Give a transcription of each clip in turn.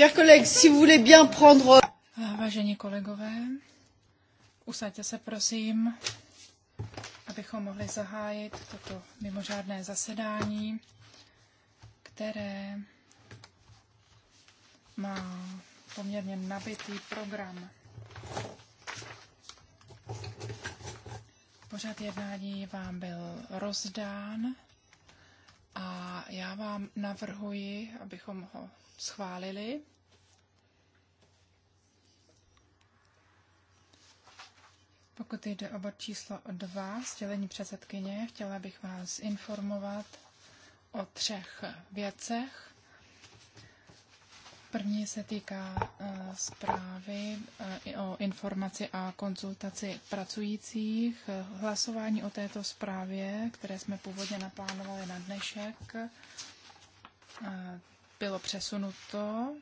Chers collègues, si vous voulez bien prendre... Vážení kolegové, usaďte se prosím, abychom mohli zahájit toto mimořádné zasedání, které má poměrně nabitý program. Pořad jednání vám byl rozdán a já vám navrhuji, abychom ho schválili. Pokud jde o bod číslo 2, sdělení předsedkyně, chtěla bych vás informovat o třech věcech. První se týká uh, zprávy uh, o informaci a konzultaci pracujících. Hlasování o této zprávě, které jsme původně naplánovali na dnešek, uh, bylo přesunuto,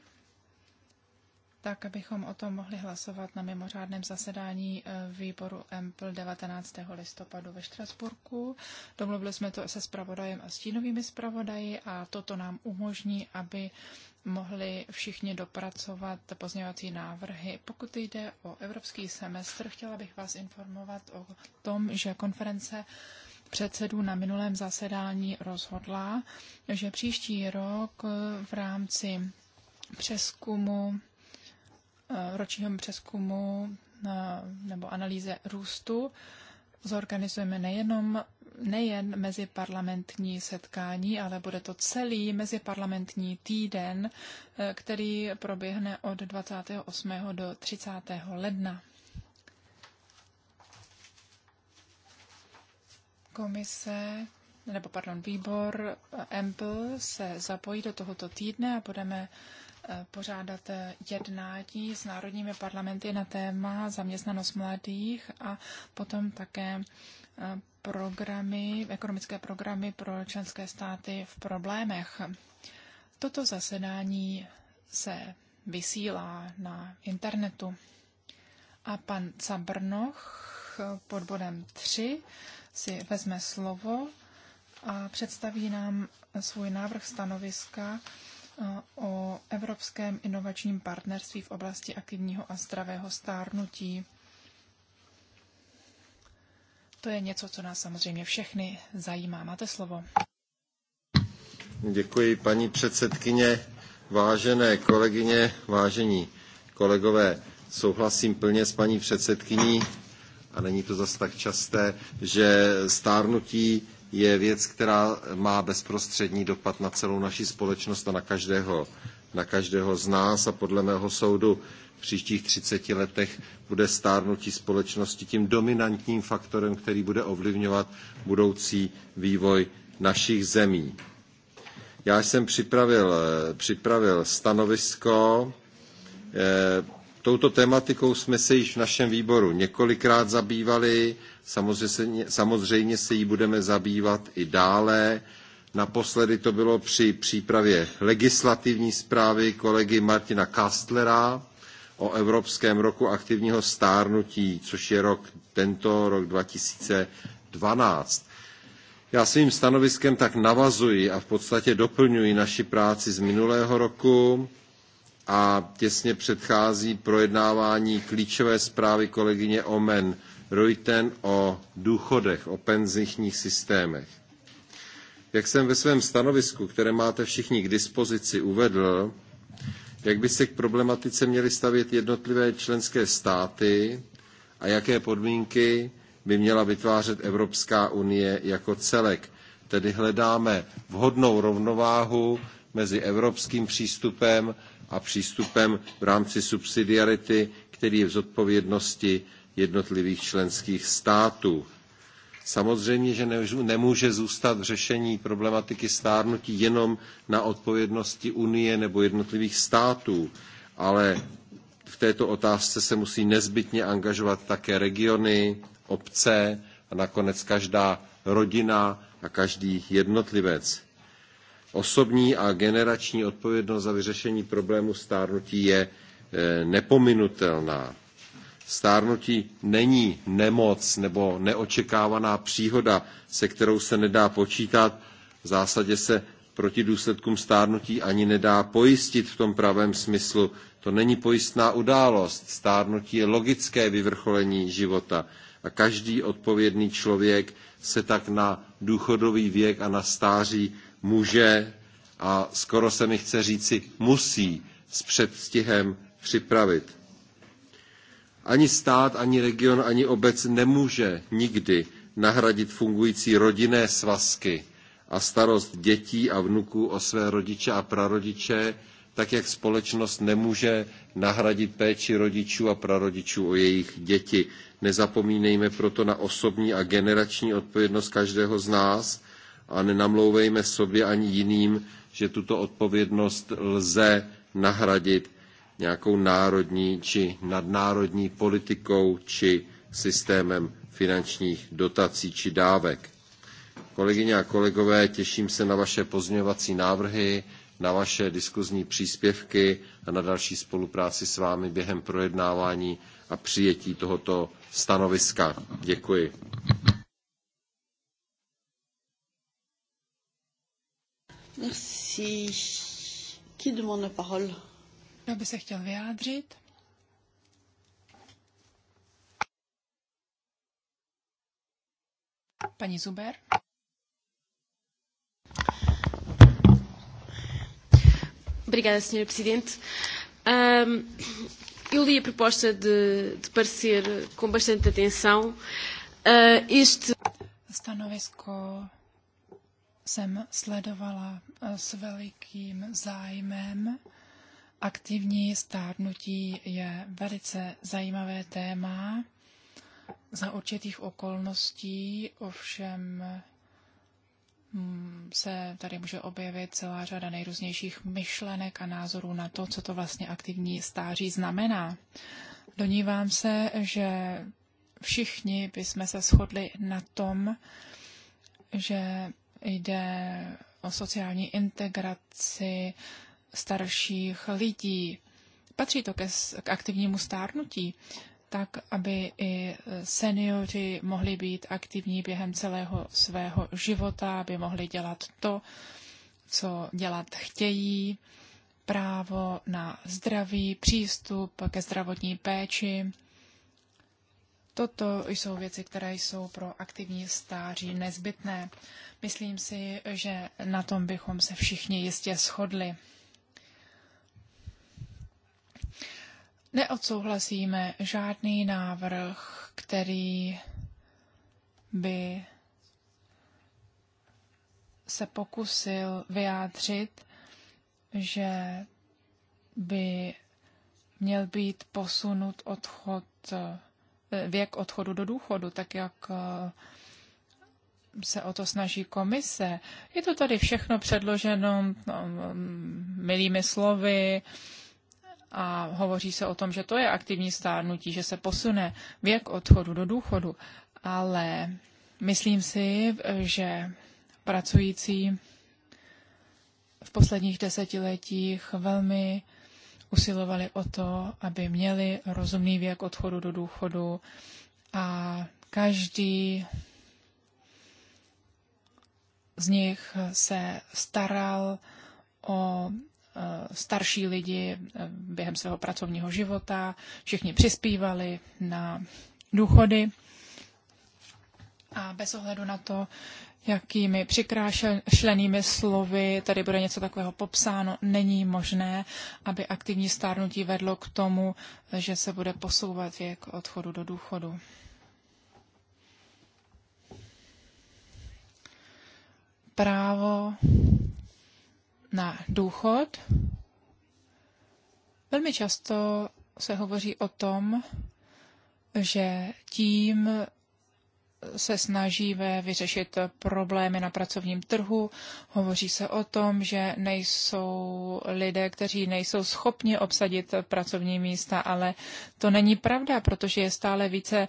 tak abychom o tom mohli hlasovat na mimořádném zasedání eh, výboru EMPL 19. listopadu ve Štrasburku. Domluvili jsme to se spravodajem a stínovými spravodaji a toto nám umožní, aby mohli všichni dopracovat pozměňovací návrhy. Pokud jde o evropský semestr, chtěla bych vás informovat o tom, že konference předsedů na minulém zasedání rozhodla, že příští rok v rámci přeskumu, eh, ročního přeskumu eh, nebo analýze růstu zorganizujeme nejenom nejen meziparlamentní setkání, ale bude to celý meziparlamentní týden, eh, který proběhne od 28. do 30. ledna. Komise, nebo pardon, výbor EMPL eh, se zapojí do tohoto týdne a budeme eh, pořádat eh, jednání s národními parlamenty na téma zaměstnanost mladých a potom také programy, ekonomické programy pro členské státy v problémech. Toto zasedání se vysílá na internetu. A pan Cabrnoch pod bodem 3 si vezme slovo a představí nám svůj návrh stanoviska eh, o Evropském inovačním partnerství v oblasti aktivního a zdravého stárnutí. To je něco, co nás samozřejmě všechny zajímá. Máte slovo. Děkuji, paní předsedkyně, vážené kolegyně, vážení kolegové. Souhlasím plně s paní předsedkyní a není to zas tak časté, že stárnutí je věc, která má bezprostřední dopad na celou naši společnost a na každého, na každého z nás a podle mého soudu v příštích 30 letech bude stárnutí společnosti tím dominantním faktorem, který bude ovlivňovat budoucí vývoj našich zemí. Já jsem připravil, eh, připravil stanovisko, eh, Touto tematikou jsme se již v našem výboru několikrát zabývali, samozřejmě, samozřejmě se jí budeme zabývat i dále. Naposledy to bylo při přípravě legislativní zprávy kolegy Martina Kastlera o Evropském roku aktivního stárnutí, což je rok tento rok 2012. Já svým stanoviskem tak navazuji a v podstatě doplňuji naši práci z minulého roku a těsně předchází projednávání klíčové zprávy kolegyně Omen Reuten o důchodech, o penzijních systémech. Jak jsem ve svém stanovisku, které máte všichni k dispozici, uvedl, jak by se k problematice měly stavět jednotlivé členské státy a jaké podmínky by měla vytvářet Evropská unie jako celek. Tedy hledáme vhodnou rovnováhu mezi evropským přístupem a přístupem v rámci subsidiarity, který je v zodpovědnosti jednotlivých členských států. Samozřejmě, že nemůže zůstat řešení problematiky stárnutí jenom na odpovědnosti Unie nebo jednotlivých států, ale v této otázce se musí nezbytně angažovat také regiony, obce a nakonec každá rodina a každý jednotlivec. Osobní a generační odpovědnost za vyřešení problému stárnutí je eh, nepominutelná. Stárnutí není nemoc nebo neočekávaná příhoda, se kterou se nedá počítat. V zásadě se proti důsledkům stárnutí ani nedá pojistit v tom pravém smyslu. To není pojistná událost. Stárnutí je logické vyvrcholení života. A každý odpovědný člověk se tak na důchodový věk a na stáří může a skoro se mi chce říci musí s předstihem připravit. Ani stát, ani region, ani obec nemůže nikdy nahradit fungující rodinné svazky a starost dětí a vnuků o své rodiče a prarodiče, tak jak společnost nemůže nahradit péči rodičů a prarodičů o jejich děti. Nezapomínejme proto na osobní a generační odpovědnost každého z nás a nenamlouvejme sobě ani jiným, že tuto odpovědnost lze nahradit nějakou národní či nadnárodní politikou či systémem finančních dotací či dávek. Kolegyně a kolegové, těším se na vaše pozměňovací návrhy, na vaše diskuzní příspěvky a na další spolupráci s vámi během projednávání a přijetí tohoto stanoviska. Děkuji. Merci. Qui demande la parole? Kdo by se chtěl vyjádřit? Paní Zuber? Obrigada, Sr. Presidente. Um, eu li a proposta de, de parecer com bastante atenção. Uh, este. Stanovisko jsem sledovala eh, s velikým zájmem. Aktivní stárnutí je velice zajímavé téma. Za určitých okolností ovšem mm, se tady může objevit celá řada nejrůznějších myšlenek a názorů na to, co to vlastně aktivní stáří znamená. Donívám se, že všichni bychom se shodli na tom, že Jde o sociální integraci starších lidí. Patří to ke, k aktivnímu stárnutí, tak aby i seniori mohli být aktivní během celého svého života, aby mohli dělat to, co dělat chtějí, právo na zdravý přístup ke zdravotní péči Toto jsou věci, které jsou pro aktivní stáří nezbytné. Myslím si, že na tom bychom se všichni jistě shodli. Neodsouhlasíme žádný návrh, který by se pokusil vyjádřit, že by měl být posunut odchod věk odchodu do důchodu, tak jak eh, se o to snaží komise. Je to tady všechno předloženo no, mm, milými slovy a hovoří se o tom, že to je aktivní stárnutí, že se posune věk odchodu do důchodu, ale myslím si, že pracující v posledních desetiletích velmi usilovali o to, aby měli rozumný věk odchodu do důchodu a každý z nich se staral o e, starší lidi e, během svého pracovního života, všichni přispívali na důchody a bez ohledu na to, jakými přikrášlenými slovy tady bude něco takového popsáno, není možné, aby aktivní stárnutí vedlo k tomu, že se bude posouvat věk odchodu do důchodu. Právo na důchod. Velmi často se hovoří o tom, že tím se snaží vyřešit problémy na pracovním trhu. Hovoří se o tom, že nejsou lidé, kteří nejsou schopni obsadit pracovní místa, ale to není pravda, protože je stále více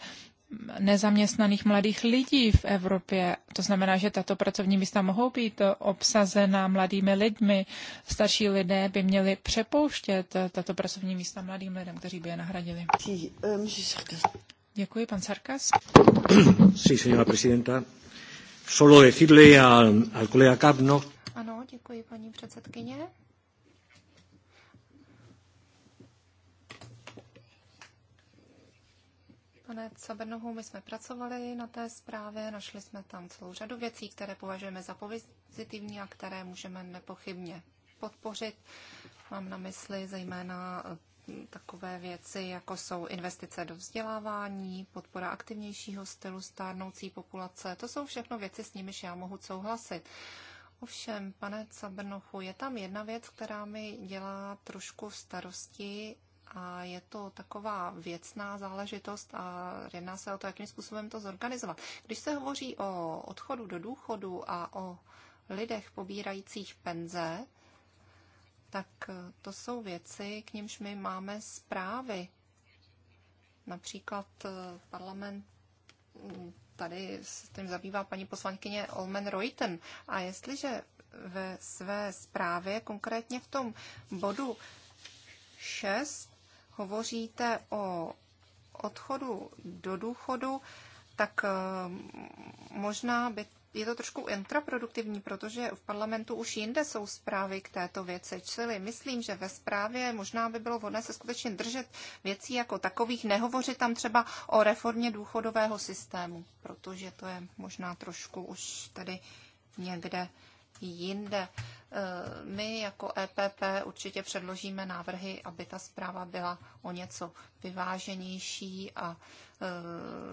nezaměstnaných mladých lidí v Evropě. To znamená, že tato pracovní místa mohou být obsazena mladými lidmi. Starší lidé by měli přepouštět tato pracovní místa mladým lidem, kteří by je nahradili. Děkuji, pan Sarkas. Sí, señora presidenta. Solo decirle al, al Ano, děkuji, paní předsedkyně. Pane Cabernohu, my jsme pracovali na té zprávě, našli jsme tam celou řadu věcí, které považujeme za pozitivní a které můžeme nepochybně podpořit. Mám na mysli zejména takové věci, jako jsou investice do vzdělávání, podpora aktivnějšího stylu stárnoucí populace. To jsou všechno věci, s nimiž já mohu souhlasit. Ovšem, pane Cabrnochu, je tam jedna věc, která mi dělá trošku starosti a je to taková věcná záležitost a jedná se o to, jakým způsobem to zorganizovat. Když se hovoří o odchodu do důchodu a o lidech pobírajících penze, tak eh, to jsou věci, k nímž my máme zprávy. Například eh, parlament mm, tady s tím zabývá paní poslankyně Olmen Reuten. A jestliže ve své zprávě, konkrétně v tom bodu 6, hovoříte o odchodu do důchodu, tak eh, možná by je to trošku intraproduktivní, protože v parlamentu už jinde jsou zprávy k této věci. Čili myslím, že ve zprávě možná by bylo vhodné se skutečně držet věcí jako takových, nehovořit tam třeba o reformě důchodového systému, protože to je možná trošku už tady někde jinde. E, my jako EPP určitě předložíme návrhy, aby ta zpráva byla o něco vyváženější a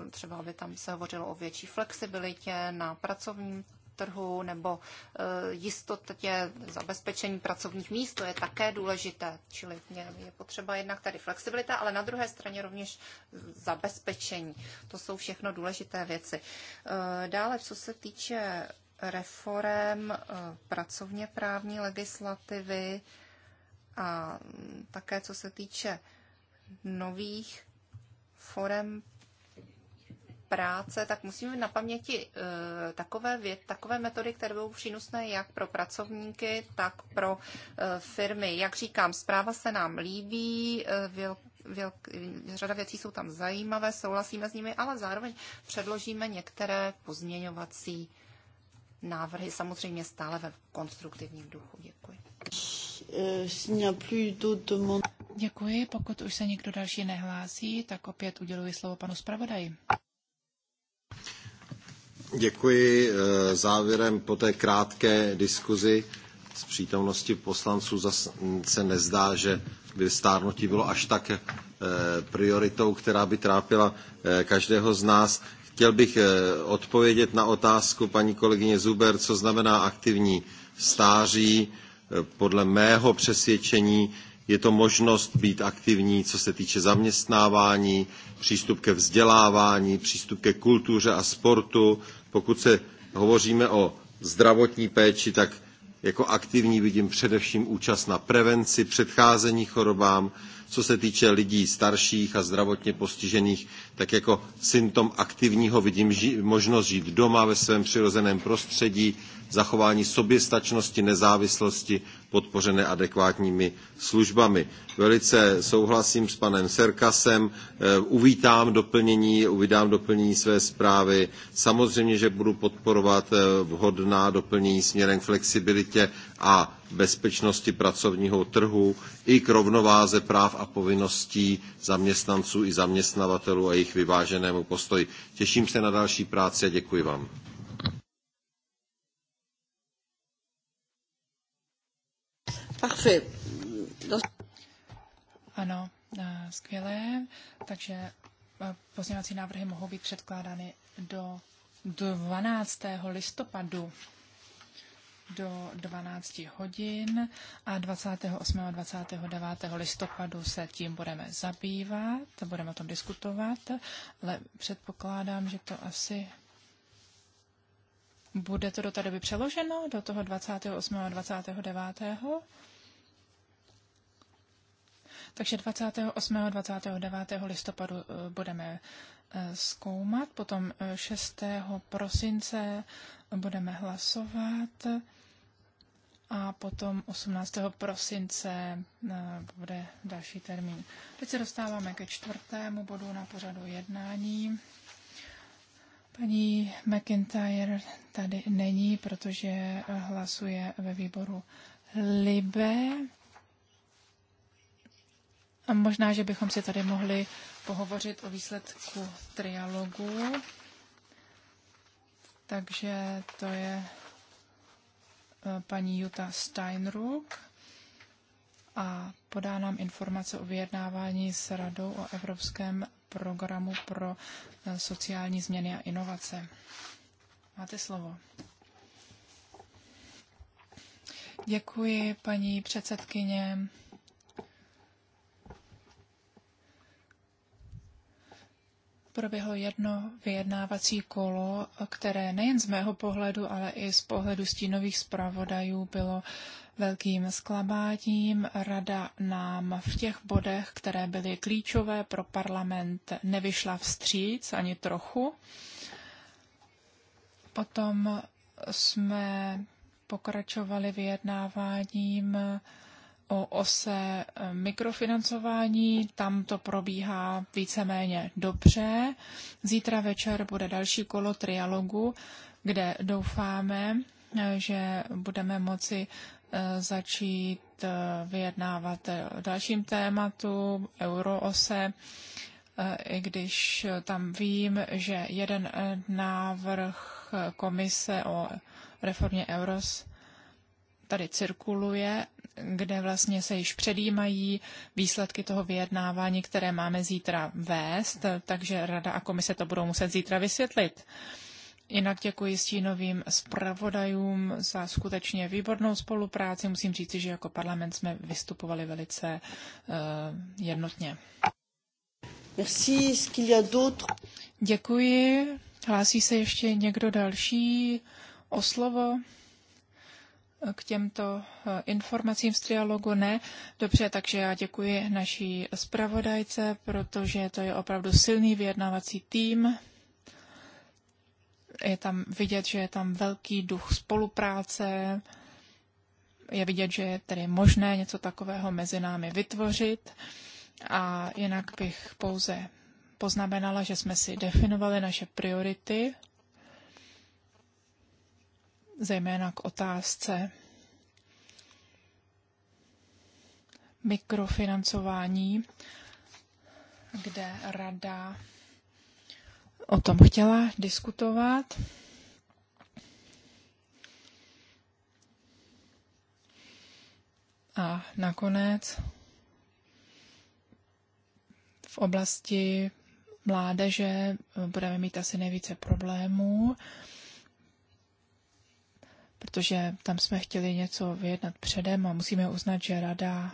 e, třeba aby tam se hovořilo o větší flexibilitě na pracovním trhu nebo e, jistotě zabezpečení pracovních míst, to je také důležité, čili je potřeba jednak tady flexibilita, ale na druhé straně rovněž zabezpečení. To jsou všechno důležité věci. Dále, co se týče reform eh, pracovně právní legislativy a také co se týče nových forem práce, tak musíme na paměti e, takové, věd, takové metody, které budou přínosné jak pro pracovníky, tak pro e, firmy. Jak říkám, zpráva se nám líbí, e, věl, věl, řada věcí jsou tam zajímavé, souhlasíme s nimi, ale zároveň předložíme některé pozměňovací návrhy samozřejmě stále ve konstruktivním duchu. Děkuji. Děkuji. Pokud už se někdo další nehlásí, tak opět uděluji slovo panu zpravodaji. Děkuji eh, závěrem po té krátké diskuzi z přítomnosti poslanců zase se nezdá, že by stárnutí bylo až tak eh, prioritou, která by trápila eh, každého z nás. Chtěl bych eh, odpovědět na otázku paní kolegyně Zuber, co znamená aktivní stáří. Eh, podle mého přesvědčení je to možnost být aktivní, co se týče zaměstnávání, přístup ke vzdělávání, přístup ke kultuře a sportu. Pokud se hovoříme o zdravotní péči, tak jako aktivní vidím především účast na prevenci, předcházení chorobám, co se týče lidí starších a zdravotně postižených, tak jako symptom aktivního vidím ži- možnost žít doma ve svém přirozeném prostředí, zachování soběstačnosti, nezávislosti, podpořené adekvátními službami. Velice souhlasím s panem Serkasem, eh, uvítám doplnění, uvidám doplnění své zprávy. Samozřejmě, že budu podporovat eh, vhodná doplnění směrem k flexibilitě a bezpečnosti pracovního trhu i k rovnováze práv a povinností zaměstnanců i zaměstnavatelů a jejich vyváženému postoji. Těším se na další práci a děkuji vám. Ano, eh, skvělé. Takže eh, pozměňovací návrhy mohou být předkládány do 12. listopadu do 12 hodin a 28. a 29. listopadu se tím budeme zabývat, budeme o tom diskutovat, ale předpokládám, že to asi bude to do té doby přeloženo, do toho 28. a 29. Takže 28. a 29. listopadu eh, budeme eh, zkoumat, potom 6. Eh, prosince budeme hlasovat a potom 18. prosince eh, bude další termín. Teď se dostáváme ke čtvrtému bodu na pořadu jednání. Paní McIntyre tady není, protože hlasuje ve výboru Libe. A možná, že bychom si tady mohli pohovořit o výsledku trialogu. Takže to je e, paní Jutta Steinruck a podá nám informace o vyjednávání s Radou o Evropském programu pro e, sociální změny a inovace. Máte slovo. Děkuji, paní předsedkyně. proběhlo jedno vyjednávací kolo, které nejen z mého pohledu, ale i z pohledu stínových zpravodajů bylo velkým sklabáním. Rada nám v těch bodech, které byly klíčové pro parlament, nevyšla vstříc ani trochu. Potom jsme pokračovali vyjednáváním o ose eh, mikrofinancování, tam to probíhá víceméně dobře. Zítra večer bude další kolo trialogu, kde doufáme, eh, že budeme moci eh, začít vyjednávat dalším tématu, euroose, i když tam vím, že jeden návrh komise o reformě EUROS tady cirkuluje kde vlastně se již předjímají výsledky toho vyjednávání, které máme zítra vést, takže Rada a komise to budou muset zítra vysvětlit. Jinak děkuji stínovým zpravodajům za skutečně výbornou spolupráci. Musím říci, že jako parlament jsme vystupovali velice uh, jednotně. Merci, Děkuji. Hlásí se ještě někdo další o slovo? k těmto eh, informacím z trialogu ne. Dobře, takže já děkuji naší zpravodajce, protože to je opravdu silný vyjednávací tým. Je tam vidět, že je tam velký duch spolupráce. Je vidět, že je tedy možné něco takového mezi námi vytvořit. A jinak bych pouze poznamenala, že jsme si definovali naše priority zejména k otázce mikrofinancování, kde rada o tom chtěla diskutovat. A nakonec v oblasti mládeže budeme mít asi nejvíce problémů protože tam jsme chtěli něco vyjednat předem a musíme uznat, že rada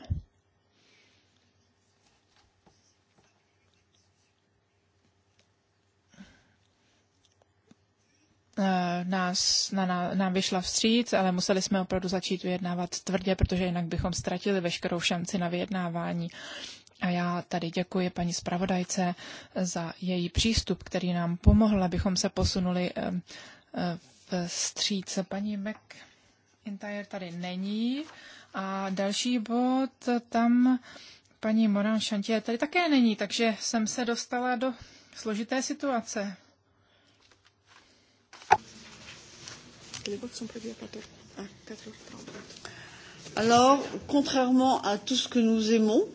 eh, nás, na, na, nám vyšla vstříc, ale museli jsme opravdu začít vyjednávat tvrdě, protože jinak bychom ztratili veškerou šanci na vyjednávání. A já tady děkuji paní zpravodajce za její přístup, který nám pomohl, abychom se posunuli eh, eh, vstříc. Paní Mac Intire tady není. A další bod, tam paní Moran Šantě tady také není, takže jsem se dostala do složité situace. Alors, contrairement à tout ce que nous aimons,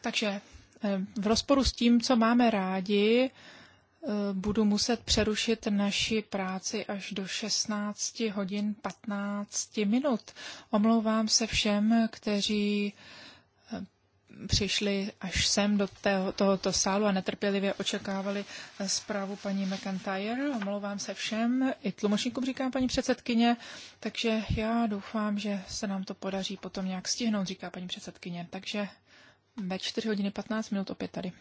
takže eh, v rozporu s tím, co máme rádi, Eh, budu muset přerušit naši práci až do 16 hodin 15 minut. Omlouvám se všem, kteří eh, přišli až sem do toho tohoto sálu a netrpělivě očekávali eh, zprávu paní McIntyre. Omlouvám se všem, i tlumočníkům říká paní předsedkyně, takže já doufám, že se nám to podaří potom nějak stihnout, říká paní předsedkyně. Takže ve 4 hodiny 15 minut opět tady.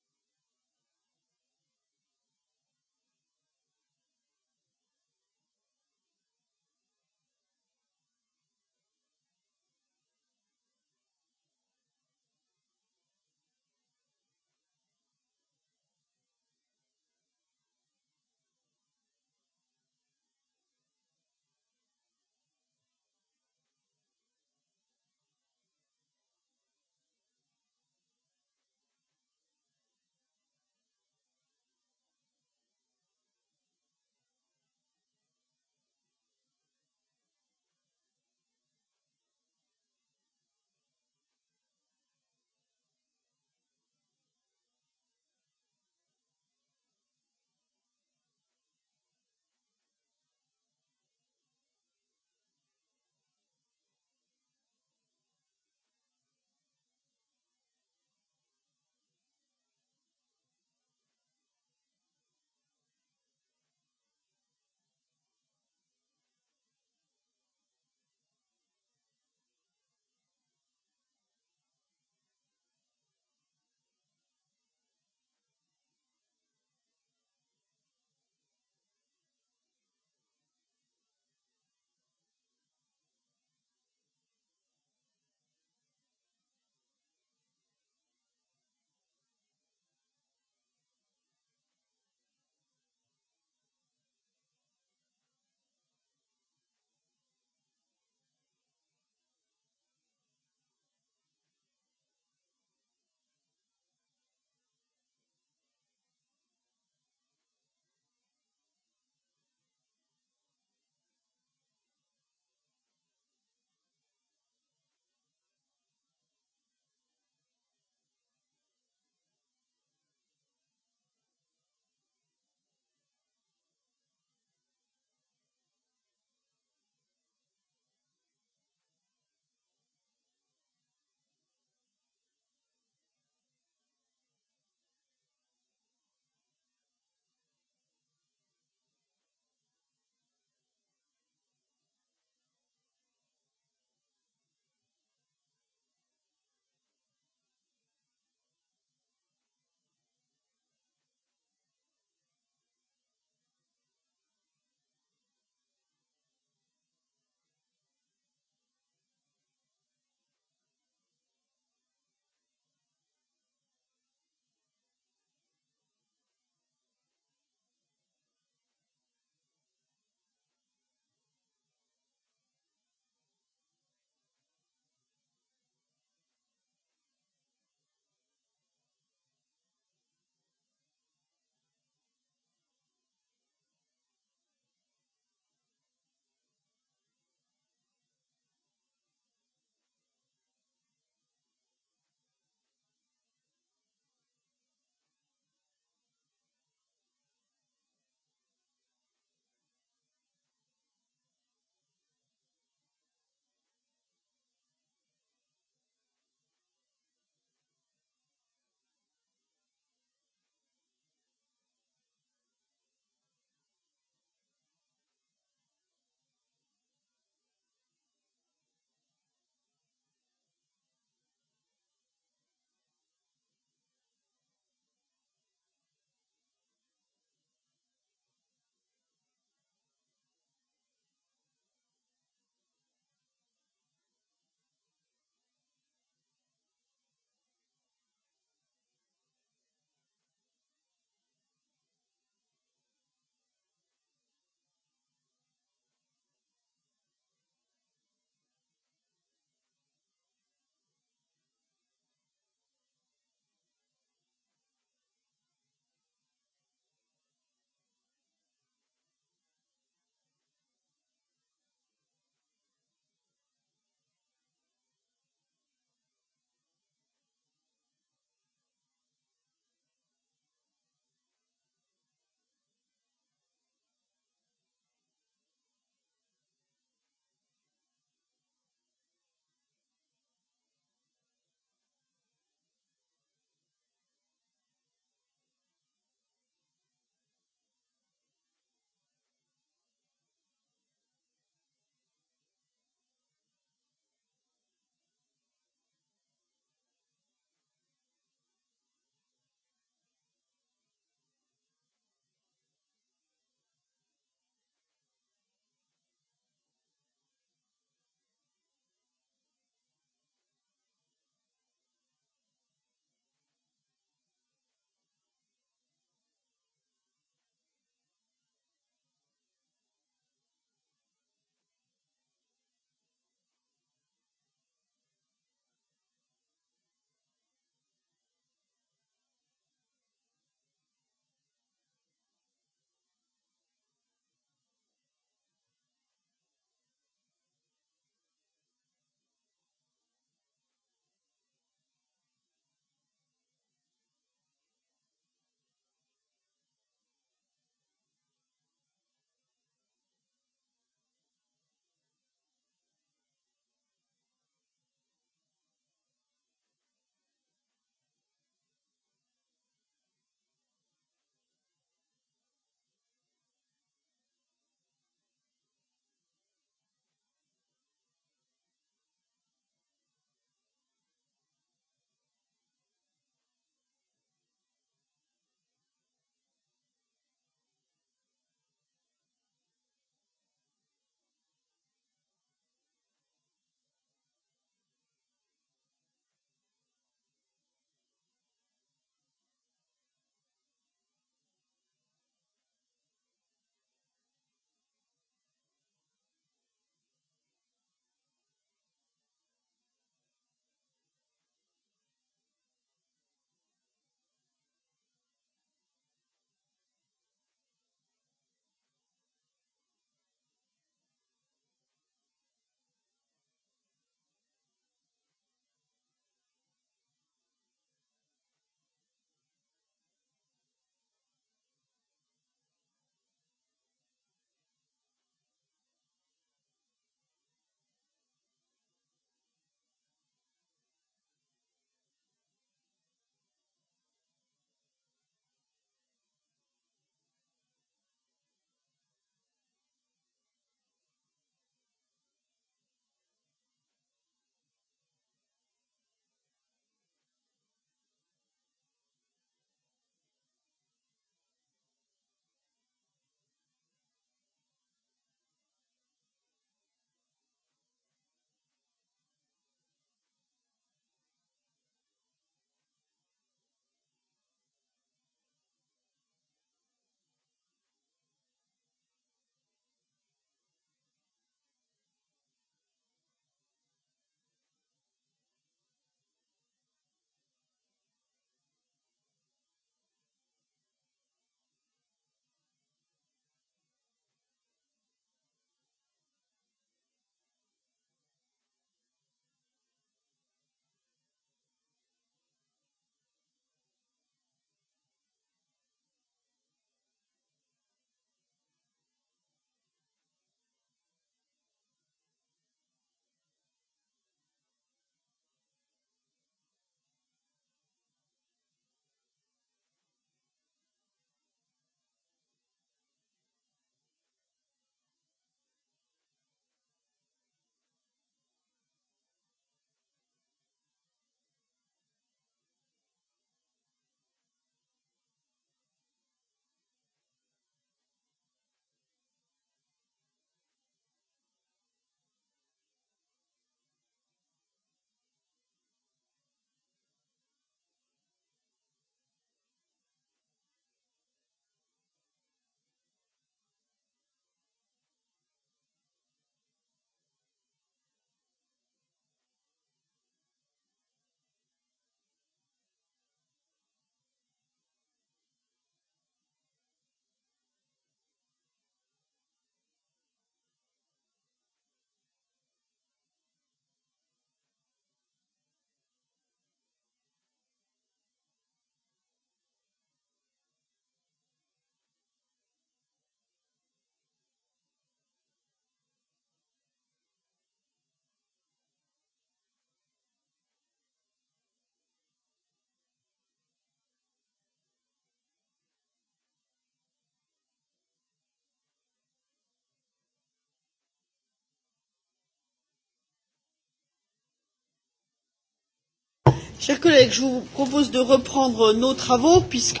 Chers collègues, je vous propose de reprendre nos travaux puisque...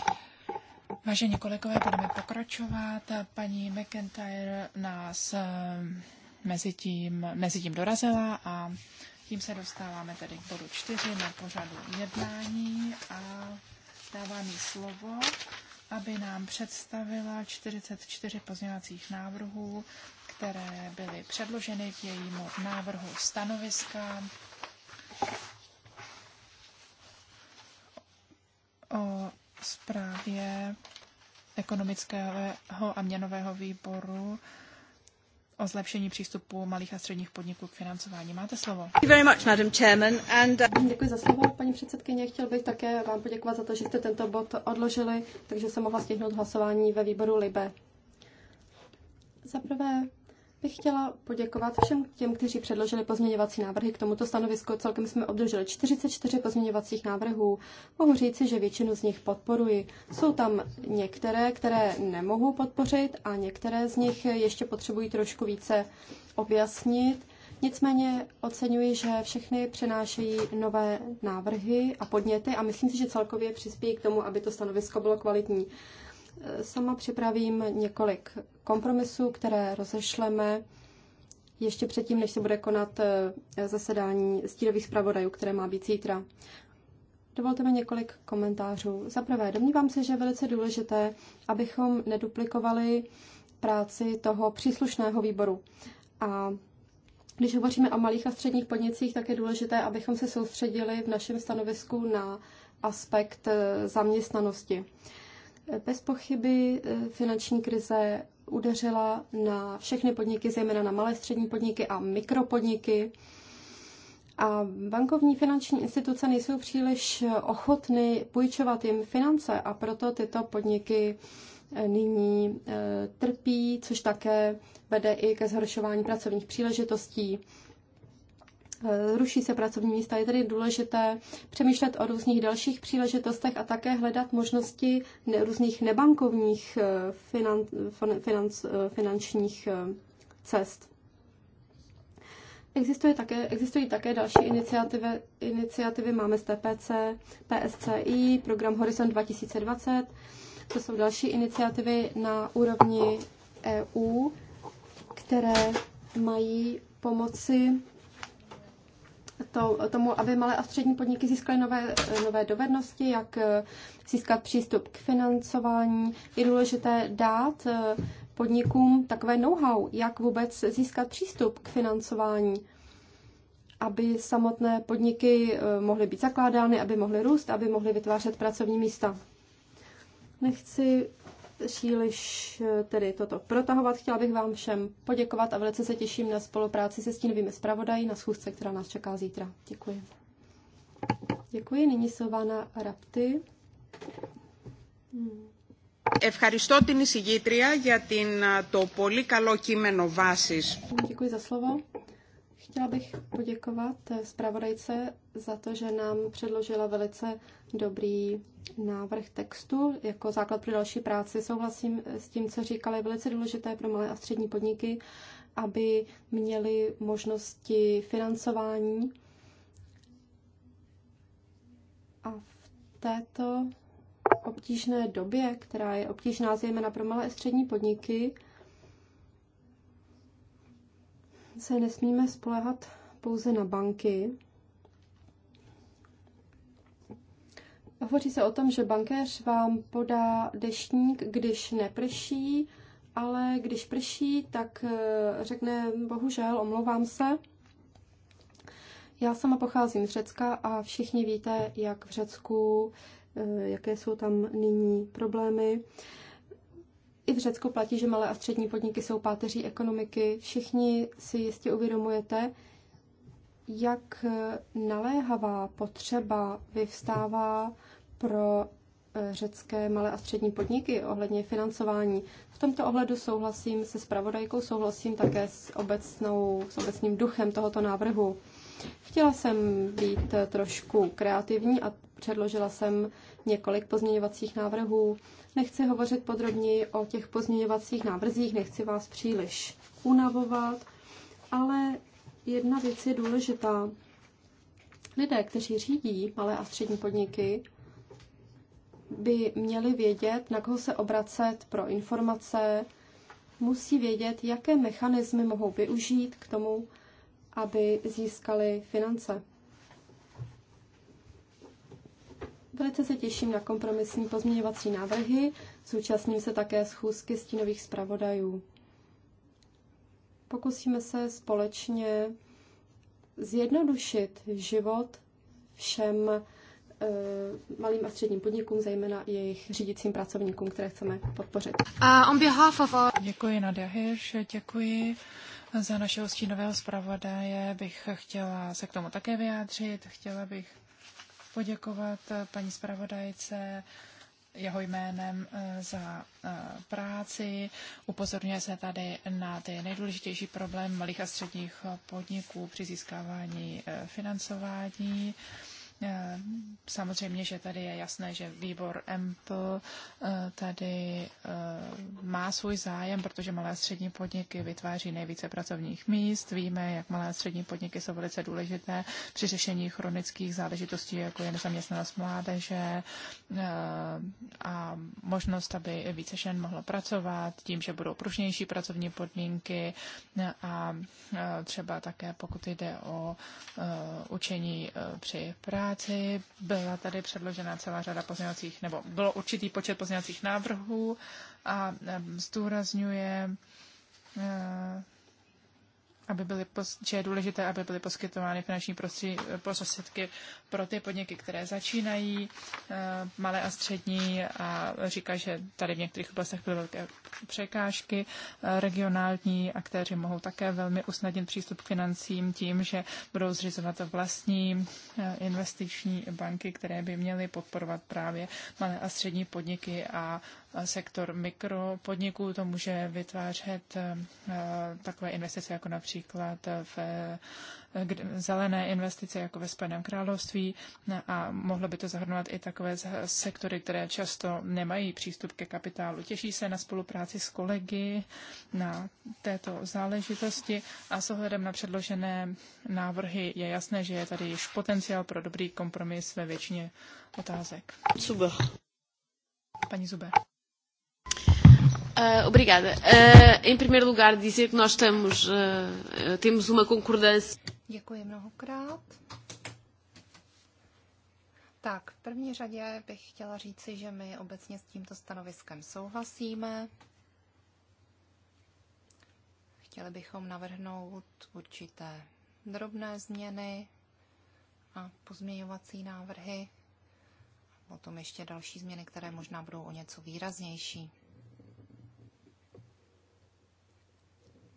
Vážení kolegové, budeme pokračovat. Paní McIntyre nás eh, mezi tím, mezi tím dorazila a tím se dostáváme tedy k bodu čtyři na pořadu jednání a dávám jí slovo, aby nám představila 44 pozměňovacích návrhů, které byly předloženy k jejímu návrhu stanoviska o zprávě ekonomického a měnového výboru o zlepšení přístupu malých a středních podniků k financování. Máte slovo. Very much, Madam Chairman, and, uh, Děkuji za slovo, paní předsedkyně. Chtěl bych také vám poděkovat za to, že jste tento bod odložili, takže se mohla stihnout hlasování ve výboru LIBE. Za prvé bych chtěla poděkovat všem těm, kteří předložili pozměňovací návrhy k tomuto stanovisku. Celkem jsme obdrželi 44 pozměňovacích návrhů. Mohu říci, že většinu z nich podporuji. Jsou tam některé, které nemohu podpořit a některé z nich ještě potřebují trošku více objasnit. Nicméně oceňuji, že všechny přinášejí nové návrhy a podněty a myslím si, že celkově přispějí k tomu, aby to stanovisko bylo kvalitní. Sama připravím několik kompromisů, které rozešleme ještě předtím, než se bude konat eh, zasedání stírových zpravodajů, které má být zítra. Dovolte mi několik komentářů. Za prvé, domnívám se, že je velice důležité, abychom neduplikovali práci toho příslušného výboru. A když hovoříme o malých a středních podnicích, tak je důležité, abychom se soustředili v našem stanovisku na aspekt eh, zaměstnanosti. Bez pochyby eh, finanční krize udeřila na všechny podniky, zejména na malé střední podniky a mikropodniky. A bankovní finanční instituce nejsou příliš ochotny půjčovat jim finance a proto tyto podniky eh, nyní eh, trpí, což také vede i ke zhoršování pracovních příležitostí Eh, ruší se pracovní místa. Je tedy důležité přemýšlet o různých dalších příležitostech a také hledat možnosti různých nebankovních eh, finan, finan, eh, finančních cest. Existuje také, existují také další iniciativy, iniciativy máme z TPC, PSCI, program Horizont 2020. To jsou další iniciativy na úrovni EU, které mají pomoci to, tomu, aby malé a střední podniky získaly nové, nové dovednosti, jak eh, získat přístup k financování. Je důležité dát eh, podnikům takové know-how, jak vůbec získat přístup k financování, aby samotné podniky eh, mohly být zakládány, aby mohly růst, aby mohly vytvářet pracovní místa. Nechci příliš eh, tedy toto protahovat. Chtěla bych vám všem poděkovat a velice se těším na spolupráci se stínovými zpravodají na schůzce, která nás čeká zítra. Děkuji. Děkuji. Nyní Silvana Rapty. Ευχαριστώ την εισηγήτρια για την, το πολύ καλό κείμενο βάσης. Děkuji za slovo. Chtěla bych poděkovat zpravodajce za to, že nám předložila velice dobrý návrh textu. Jako základ pro další práci souhlasím s tím, co říkala, je velice důležité pro malé a střední podniky, aby měli možnosti financování. A v této obtížné době, která je obtížná zejména pro malé a střední podniky, se nesmíme spolehat pouze na banky. Hovoří se o tom, že bankéř vám podá deštník, když neprší, ale když prší, tak eh, řekne, bohužel, omlouvám se. Já sama pocházím z Řecka a všichni víte, jak v Řecku, eh, jaké jsou tam nyní problémy. I v Řecku platí, že malé a střední podniky jsou páteří ekonomiky. Všichni si jistě uvědomujete, jak naléhavá potřeba vyvstává pro eh, řecké malé a střední podniky ohledně financování. V tomto ohledu souhlasím se spravodajkou, souhlasím také s, obecnou, s obecným duchem tohoto návrhu. Chtěla jsem být trošku kreativní a předložila jsem několik pozměňovacích návrhů. Nechci hovořit podrobněji o těch pozměňovacích návrzích, nechci vás příliš unavovat, ale jedna věc je důležitá. Lidé, kteří řídí malé a střední podniky, by měli vědět, na koho se obracet pro informace, musí vědět, jaké mechanismy mohou využít k tomu, aby získali finance. Velice se těším na kompromisní pozměňovací návrhy, zúčastním se také schůzky stínových zpravodajů. Pokusíme se společně zjednodušit život všem eh, malým a středním podnikům, zejména jejich řídícím pracovníkům, které chceme podpořit. Uh, on behalf of... Děkuji Nadia Hirsch, děkuji. Za našeho stínového zpravodaje bych chtěla se k tomu také vyjádřit. Chtěla bych poděkovat eh, paní zpravodajce jeho jménem eh, za eh, práci. Upozorňuje se tady na ty nejdůležitější problém malých a středních podniků při získávání financování. Eh, samozřejmě, že tady je jasné, že výbor EMPL eh, tady eh, má svůj zájem, protože malé a střední podniky vytváří nejvíce pracovních míst. Víme, jak malé a střední podniky jsou velice důležité při řešení chronických záležitostí, jako je nezaměstnanost mládeže a možnost, aby více žen mohlo pracovat tím, že budou pružnější pracovní podmínky a třeba také, pokud jde o učení při práci, práci. Byla tady předložena celá řada pozměňovacích, nebo bylo určitý počet pozměňovacích návrhů a zdůrazňuje, eh, aby byly, že je důležité, aby byly poskytovány finanční prostředky pro ty podniky, které začínají, eh, malé a střední, a říká, že tady v některých oblastech byly velké překážky. Eh, regionální aktéři mohou také velmi usnadnit přístup k financím tím, že budou zřizovat vlastní eh, investiční banky, které by měly podporovat právě malé a střední podniky a sektor mikropodniků. To může vytvářet takové investice, jako například v zelené investice jako ve Spojeném království a mohlo by to zahrnovat i takové sektory, které často nemají přístup ke kapitálu. Těší se na spolupráci s kolegy na této záležitosti a s ohledem na předložené návrhy je jasné, že je tady již potenciál pro dobrý kompromis ve většině otázek. Super. Paní Zuber. Uh, obrigada. Uh, em primeiro lugar, dizer que nós estamos, uh, temos uma concordância. Děkuji mnohokrát. Tak, v první řadě bych chtěla říci, že my obecně s tímto stanoviskem souhlasíme. Chtěli bychom navrhnout určité drobné změny a pozměňovací návrhy. Potom ještě další změny, které možná budou o něco výraznější.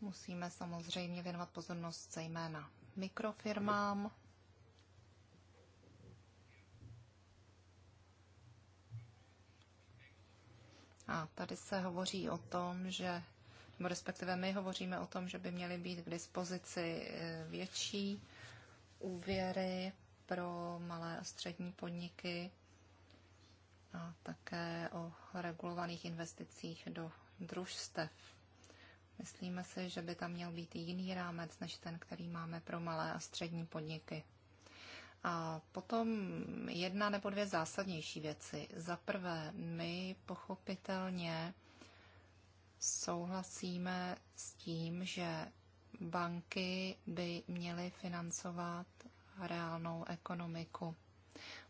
Musíme samozřejmě věnovat pozornost zejména mikrofirmám. A tady se hovoří o tom, že, nebo respektive my hovoříme o tom, že by měly být k dispozici e, větší úvěry pro malé a střední podniky a také o regulovaných investicích do družstev. Myslíme si, že by tam měl být jiný rámec než ten, který máme pro malé a střední podniky. A potom jedna nebo dvě zásadnější věci. Za prvé, my pochopitelně souhlasíme s tím, že banky by měly financovat reálnou ekonomiku.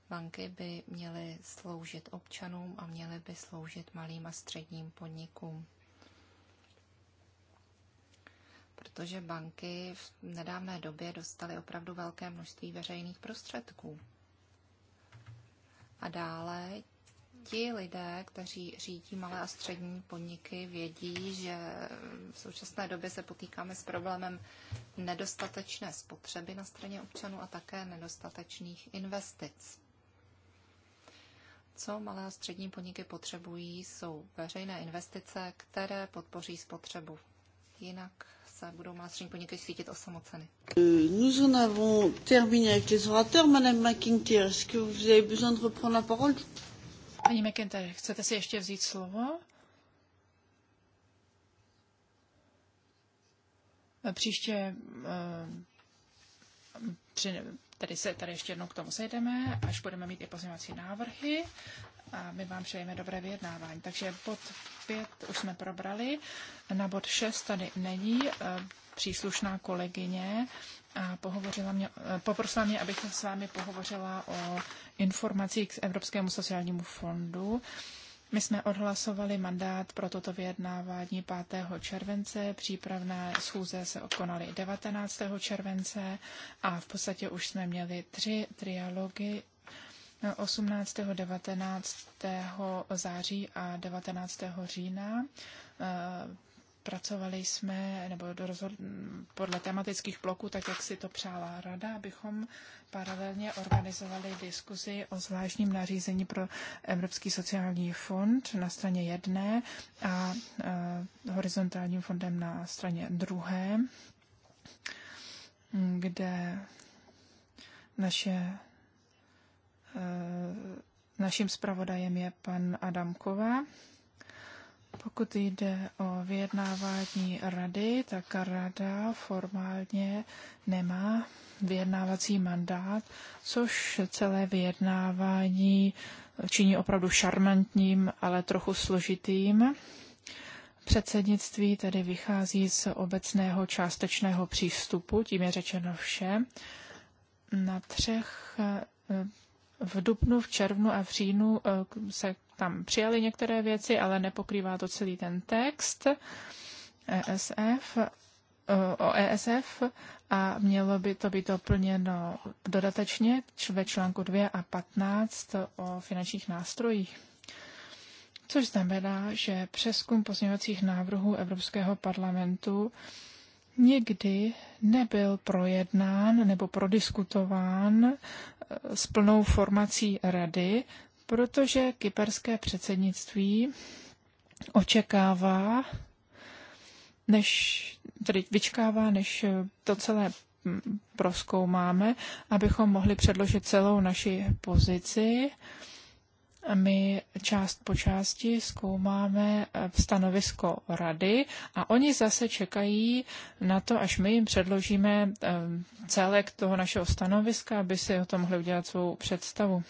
Banky by měly sloužit občanům a měly by sloužit malým a středním podnikům protože banky v nedávné době dostaly opravdu velké množství veřejných prostředků. A dále ti lidé, kteří řídí malé a střední podniky, vědí, že v současné době se potýkáme s problémem nedostatečné spotřeby na straně občanů a také nedostatečných investic. Co malé a střední podniky potřebují, jsou veřejné investice, které podpoří spotřebu. Jinak se budou malé střední podniky cítit osamoceny. Nous en avons terminé avec les orateurs. Madame McIntyre, est-ce que vous avez besoin de reprendre la parole? Paní McIntyre, chcete si ještě vzít slovo? Příště uh, při, Tady se tady ještě jednou k tomu sejdeme, až budeme mít i pozměňovací návrhy. A my vám přejeme dobré vyjednávání. Takže bod 5 už jsme probrali. Na bod 6 tady není e, příslušná kolegyně a pohovořila mě, e, poprosila mě, abych s vámi pohovořila o informacích k Evropskému sociálnímu fondu. My jsme odhlasovali mandát pro toto vyjednávání 5. července, přípravné schůze se konaly 19. července a v podstatě už jsme měli tři trialogy 18., 19. září a 19. října Pracovali jsme, nebo rozhod, podle tematických bloků, tak jak si to přála rada, abychom paralelně organizovali diskuzi o zvláštním nařízení pro Evropský sociální fond na straně jedné a e, horizontálním fondem na straně druhé, kde naše e, naším zpravodajem je pan Adamková. Pokud jde o vyjednávání rady, tak rada formálně nemá vyjednávací mandát, což celé vyjednávání činí opravdu šarmantním, ale trochu složitým. Předsednictví tedy vychází z obecného částečného přístupu, tím je řečeno vše. Na třech v dubnu, v červnu a v říjnu eh, se tam přijaly některé věci, ale nepokrývá to celý ten text ESF, eh, o ESF a mělo by to být doplněno dodatečně ve článku 2 a 15 o finančních nástrojích. Což znamená, že přeskum pozměňovacích návrhů Evropského parlamentu nikdy nebyl projednán nebo prodiskutován s plnou formací rady, protože kyperské předsednictví očekává, než, tedy vyčkává, než to celé proskoumáme, abychom mohli předložit celou naši pozici my část po části zkoumáme eh, stanovisko rady a oni zase čekají na to, až my jim předložíme eh, celek toho našeho stanoviska, aby si o tom mohli udělat svou představu.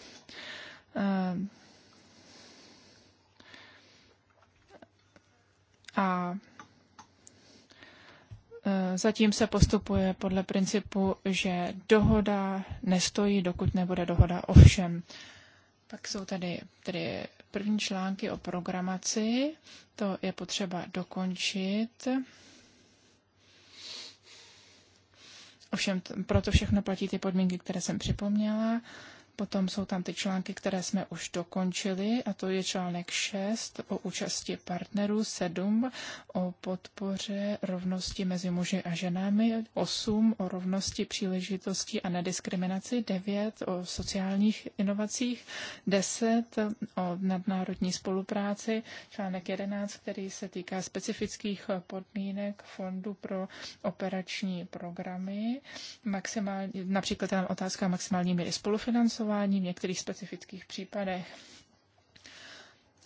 Eh, a zatím se postupuje podle principu, že dohoda nestojí, dokud nebude dohoda o všem. Pak jsou tady, tady první články o programaci, to je potřeba dokončit. Ovšem, proto všechno platí ty podmínky, které jsem připomněla. Potom jsou tam ty články, které jsme už dokončili, a to je článek 6 o účasti partnerů, 7 o podpoře rovnosti mezi muži a ženami, 8 o rovnosti příležitostí a nediskriminaci, 9 o sociálních inovacích, 10 o nadnárodní spolupráci, článek 11, který se týká specifických podmínek Fondu pro operační programy, maximál, například tam otázka maximální míry spolufinancování, hlasování v některých specifických případech.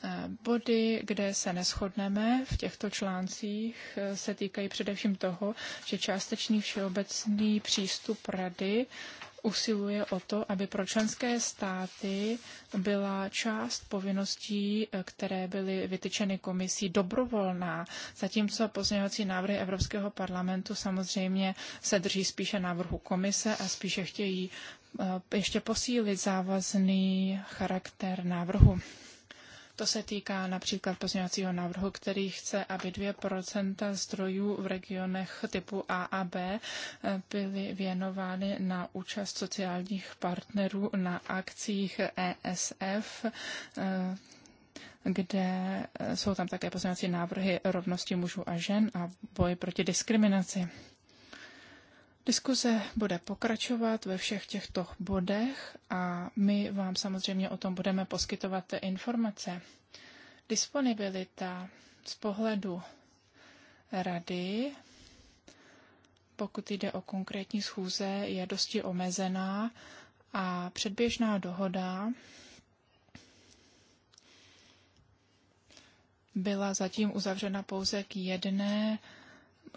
Eh, body, kde se neschodneme v těchto článcích, eh, se týkají především toho, že částečný všeobecný přístup Rady usiluje o to, aby pro členské státy byla část povinností, eh, které byly vytyčeny komisí, dobrovolná, zatímco pozměňovací návrhy Evropského parlamentu samozřejmě se drží spíše návrhu komise a spíše chtějí Eh, ještě posílit závazný charakter návrhu. To se týká například pozměňovacího návrhu, který chce, aby 2% zdrojů v regionech typu A a B eh, byly věnovány na účast sociálních partnerů na akcích ESF, eh, kde jsou tam také pozměňovací návrhy rovnosti mužů a žen a boj proti diskriminaci. Diskuze bude pokračovat ve všech těchto bodech a my vám samozřejmě o tom budeme poskytovat informace. Disponibilita z pohledu rady, pokud jde o konkrétní schůze, je dosti omezená a předběžná dohoda byla zatím uzavřena pouze k jedné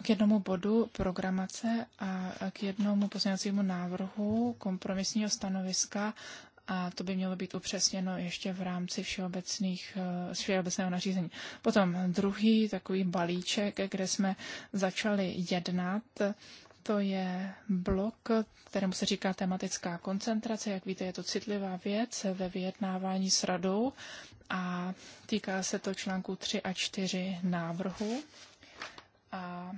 k jednomu bodu programace a k jednomu pozměňovacímu návrhu kompromisního stanoviska a to by mělo být upřesněno ještě v rámci všeobecných, eh, všeobecného nařízení. Potom druhý takový balíček, kde jsme začali jednat, to je blok, kterému se říká tematická koncentrace. Jak víte, je to citlivá věc ve vyjednávání s radou a týká se to článku 3 a 4 návrhu. A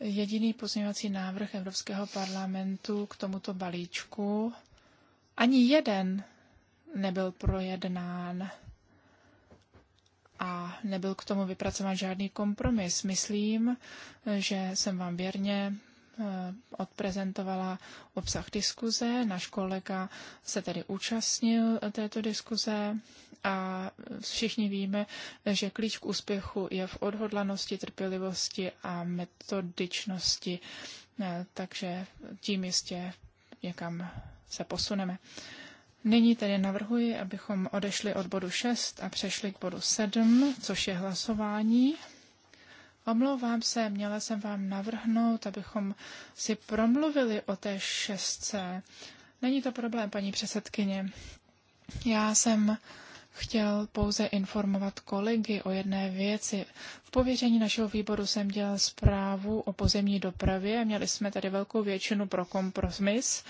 jediný pozměňovací návrh Evropského parlamentu k tomuto balíčku, ani jeden nebyl projednán a nebyl k tomu vypracován žádný kompromis. Myslím, že jsem vám věrně Eh, odprezentovala obsah diskuze. Náš kolega se tedy účastnil této diskuze a všichni víme, že klíč k úspěchu je v odhodlanosti, trpělivosti a metodičnosti. Eh, takže tím jistě někam se posuneme. Nyní tedy navrhuji, abychom odešli od bodu 6 a přešli k bodu 7, což je hlasování. Omlouvám se, měla jsem vám navrhnout, abychom si promluvili o té šestce. Není to problém, paní předsedkyně. Já jsem chtěl pouze informovat kolegy o jedné věci. V pověření našeho výboru jsem dělal zprávu o pozemní dopravě. Měli jsme tady velkou většinu pro kompromis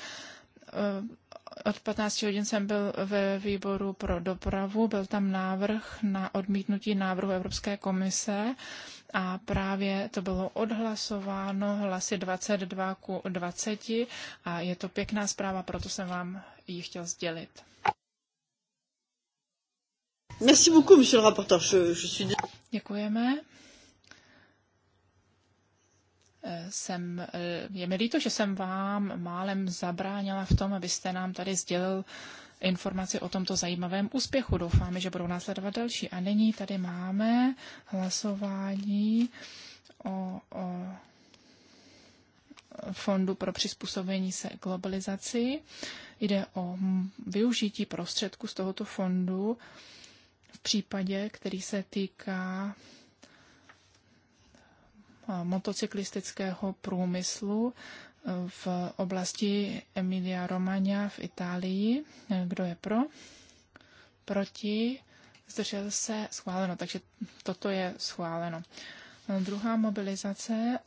od 15 hodin jsem byl ve výboru pro dopravu, byl tam návrh na odmítnutí návrhu Evropské komise a právě to bylo odhlasováno hlasy 22 ku 20 a je to pěkná zpráva, proto jsem vám ji chtěl sdělit. Merci beaucoup, monsieur le rapporteur. Je, je suis... Děkujeme jsem, eh, je mi líto, že jsem vám málem zabránila v tom, abyste nám tady sdělil informaci o tomto zajímavém úspěchu. Doufáme, že budou následovat další. A nyní tady máme hlasování o, o Fondu pro přizpůsobení se globalizaci. Jde o využití prostředků z tohoto fondu v případě, který se týká motocyklistického průmyslu e, v oblasti Emilia Romagna v Itálii. E, kdo je pro? Proti? Zdržel se? Schváleno. Takže toto je schváleno. E, druhá mobilizace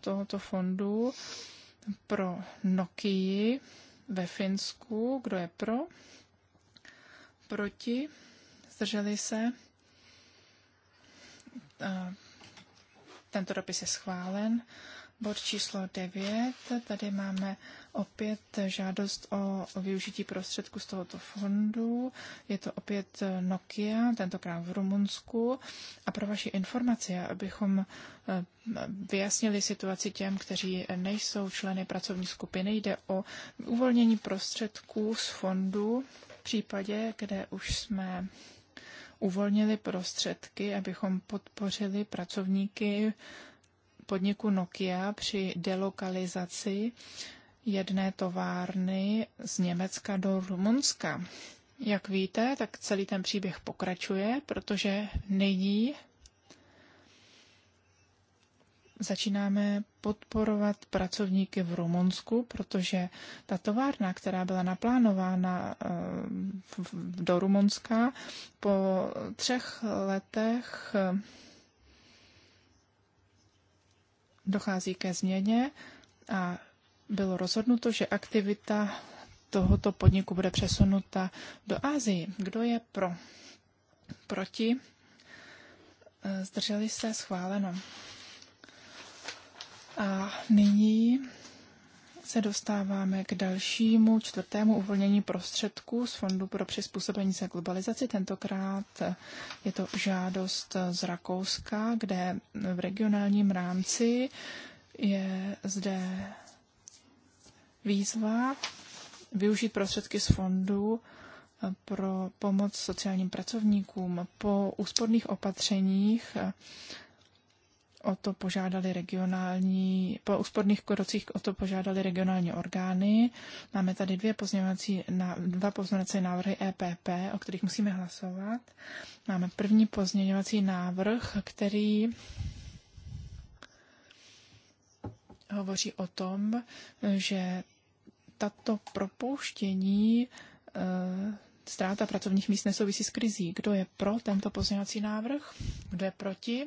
tohoto fondu pro Nokii ve Finsku. Kdo je pro? Proti? Zdrželi se? Tento dopis je schválen. Bod číslo 9. Tady máme opět žádost o využití prostředku z tohoto fondu. Je to opět Nokia, tentokrát v Rumunsku. A pro vaši informaci, abychom eh, vyjasnili situaci těm, kteří nejsou členy pracovní skupiny, jde o uvolnění prostředků z fondu v případě, kde už jsme uvolnili prostředky, abychom podpořili pracovníky podniku Nokia při delokalizaci jedné továrny z Německa do Rumunska. Jak víte, tak celý ten příběh pokračuje, protože nyní začínáme podporovat pracovníky v Rumunsku, protože ta továrna, která byla naplánována eh, do Rumunska, po třech letech eh, dochází ke změně a bylo rozhodnuto, že aktivita tohoto podniku bude přesunuta do Ázie. Kdo je pro? Proti? Eh, zdrželi se schváleno. A nyní se dostáváme k dalšímu čtvrtému uvolnění prostředků z Fondu pro přizpůsobení se globalizaci. Tentokrát je to žádost z Rakouska, kde v regionálním rámci je zde výzva využít prostředky z fondu pro pomoc sociálním pracovníkům. Po úsporných opatřeních o to požádali regionální, po úsporných krocích o to požádali regionální orgány. Máme tady dvě pozměňovací, dva pozměňovací návrhy EPP, o kterých musíme hlasovat. Máme první pozměňovací návrh, který hovoří o tom, že tato propouštění eh, ztráta pracovních míst nesouvisí s krizí. Kdo je pro tento pozměňovací návrh? Kdo je proti?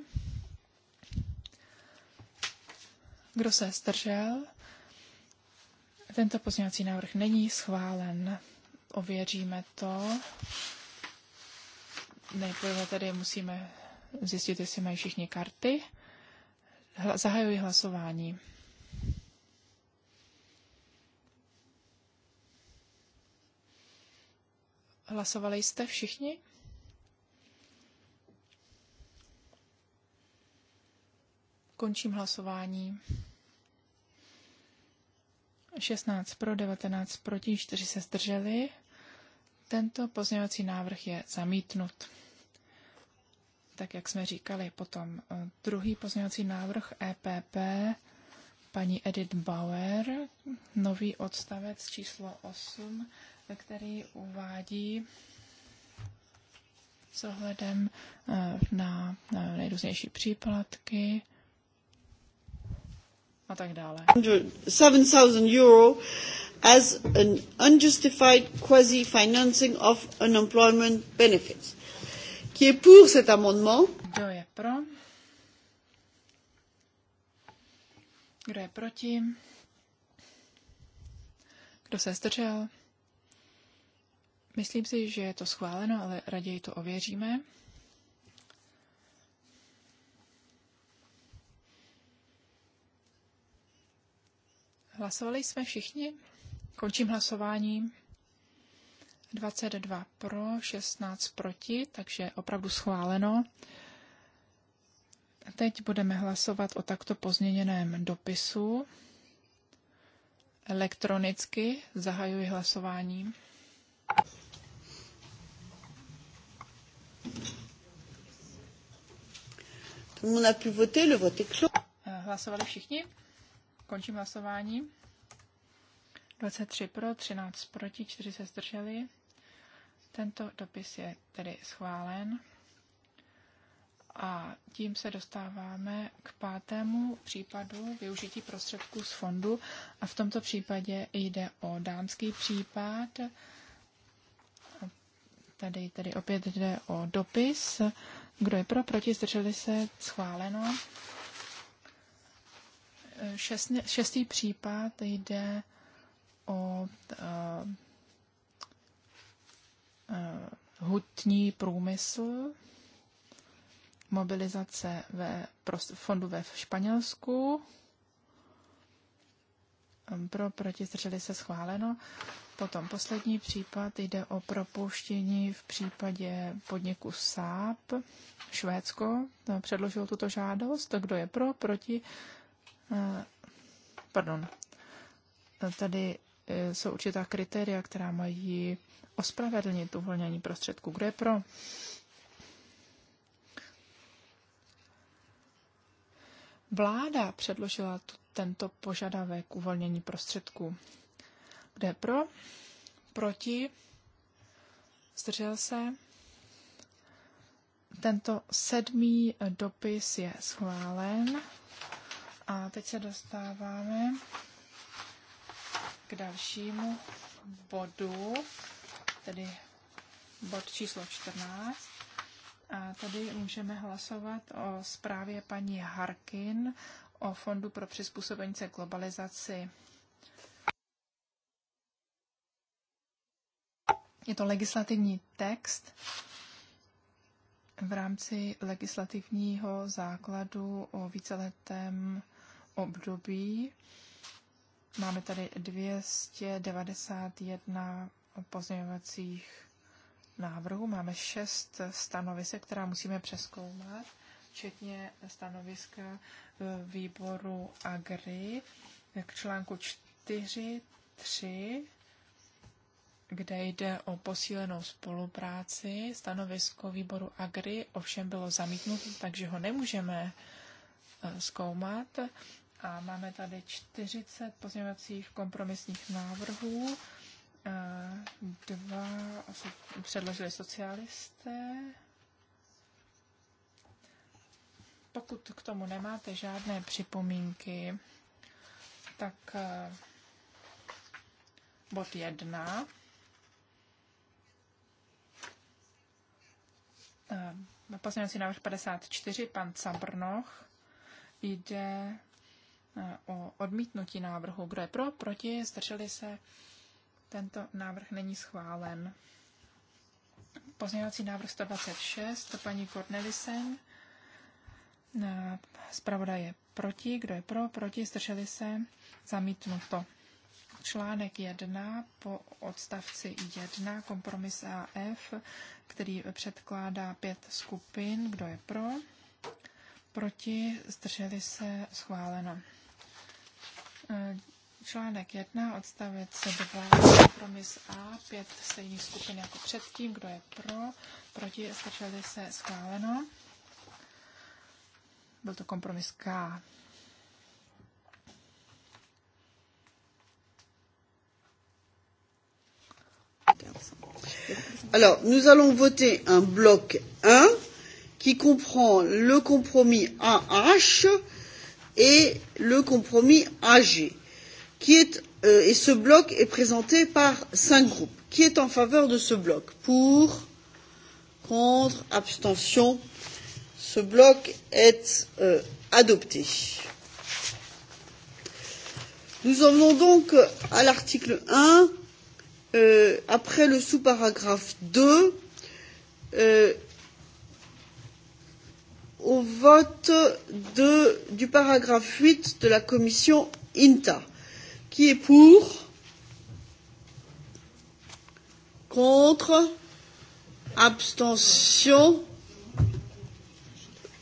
Kdo se zdržel? Tento pozměňovací návrh není schválen. Ověříme to. Nejprve tady musíme zjistit, jestli mají všichni karty. Hla, zahajuji hlasování. Hlasovali jste všichni? Končím hlasování. 16 pro, 19 proti, 4 se zdrželi. Tento pozměňovací návrh je zamítnut. Tak jak jsme říkali, potom eh, druhý pozměňovací návrh EPP paní Edith Bauer, nový odstavec číslo 8, který uvádí s ohledem eh, na nejrůznější příplatky, a tak dále. 7,000 euro as an unjustified quasi-financing of unemployment benefits. Qui est pour cet amendement? Kdo je pro? Kdo je proti? Kdo se zdržel? Myslím si, že je to schváleno, ale raději to ověříme. Hlasovali jsme všichni? Končím hlasování. 22 pro, 16 proti, takže opravdu schváleno. Teď budeme hlasovat o takto pozměněném dopisu. Elektronicky zahajuji hlasování. Hlasovali všichni? Končím hlasování. 23 pro, 13 proti, 4 se zdrželi. Tento dopis je tedy schválen. A tím se dostáváme k pátému případu využití prostředků z fondu. A v tomto případě jde o dámský případ. Tady, tedy opět jde o dopis. Kdo je pro, proti, zdrželi se, schváleno šest, šestý případ jde o uh, uh, hutní průmysl, mobilizace ve fondu ve Španělsku. Ehm, pro, proti, se schváleno. Potom poslední případ jde o propuštění v případě podniku SAP. Švédsko předložilo tuto žádost. Kdo je pro, proti, Eh, pardon, tady eh, jsou určitá kritéria, která mají ospravedlnit uvolnění prostředků. Kdo je pro? Vláda předložila tento požadavek uvolnění prostředků. Kde pro? Proti? Zdržel se? Tento sedmý dopis je schválen. A teď se dostáváme k dalšímu bodu, tedy bod číslo 14. A tady můžeme hlasovat o zprávě paní Harkin o Fondu pro přizpůsobení se globalizaci. Je to legislativní text v rámci legislativního základu o víceletém období. Máme tady 291 pozměňovacích návrhů. Máme šest stanovisek, která musíme přeskoumat, včetně stanoviska e, výboru Agri k článku 3, kde jde o posílenou spolupráci. Stanovisko výboru Agri ovšem bylo zamítnuto, takže ho nemůžeme e, zkoumat. A máme tady 40 pozměňovacích kompromisních návrhů. Eh, dva předložili socialisté. Pokud k tomu nemáte žádné připomínky, tak eh, bod jedna. Eh, pozměňovací návrh 54, pan Cabrnoch, jde o odmítnutí návrhu. Kdo je pro, proti, zdrželi se, tento návrh není schválen. Pozměňovací návrh 126, paní Kornelisen. Zpravodaj je proti, kdo je pro, proti, zdrželi se, zamítnuto. Článek 1 po odstavci 1, kompromis AF, který předkládá pět skupin, kdo je pro, proti, zdrželi se, schváleno. Eh, článek 1, odstavec 2, kompromis A, pět stejných skupin jako předtím. Kdo je pro? Proti? stačili se? Schváleno. Byl to kompromis K. Alors, nous allons voter un bloc 1 qui comprend le compromis AH, et le compromis AG, qui est, euh, et ce bloc est présenté par cinq groupes. Qui est en faveur de ce bloc Pour, contre, abstention. Ce bloc est euh, adopté. Nous en venons donc à l'article 1, euh, après le sous-paragraphe 2, euh, au vote de, du paragraphe 8 de la commission INTA. Qui est pour Contre Abstention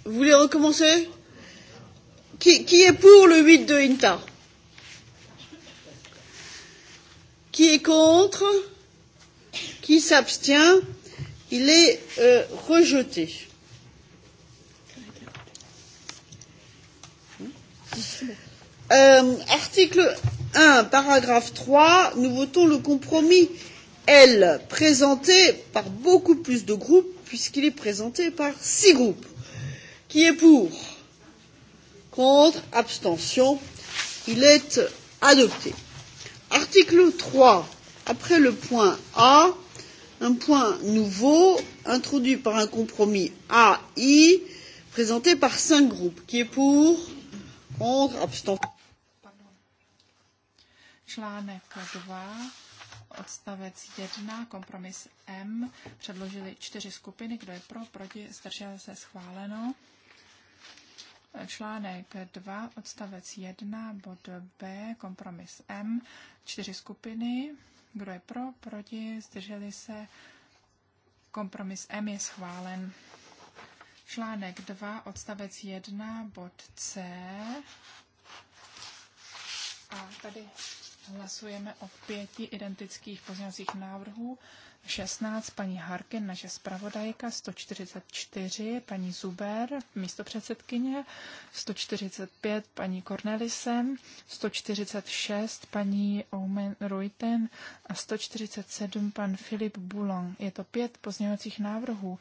Vous voulez recommencer qui, qui est pour le 8 de INTA Qui est contre Qui s'abstient Il est euh, rejeté. Euh, article 1, paragraphe 3, nous votons le compromis L, présenté par beaucoup plus de groupes, puisqu'il est présenté par six groupes. Qui est pour Contre Abstention Il est adopté. Article 3, après le point A, un point nouveau introduit par un compromis AI présenté par cinq groupes. Qui est pour Contre, abstention. Článek 2, odstavec 1, kompromis M, předložili čtyři skupiny, kdo je pro, proti, zdržel se schváleno. Článek 2, odstavec 1, bod B, kompromis M, čtyři skupiny, kdo je pro, proti, zdrželi se, kompromis M je schválen. Článek 2, odstavec 1, bod C. A tady Hlasujeme o pěti identických pozměňovacích návrhů. 16 paní Harkin, naše zpravodajka, 144 paní Zuber, místo předsedkyně, 145 paní Cornelisem, 146 paní Omen Ruiten a 147 pan Filip Boulon. Je to pět pozměňovacích návrhů,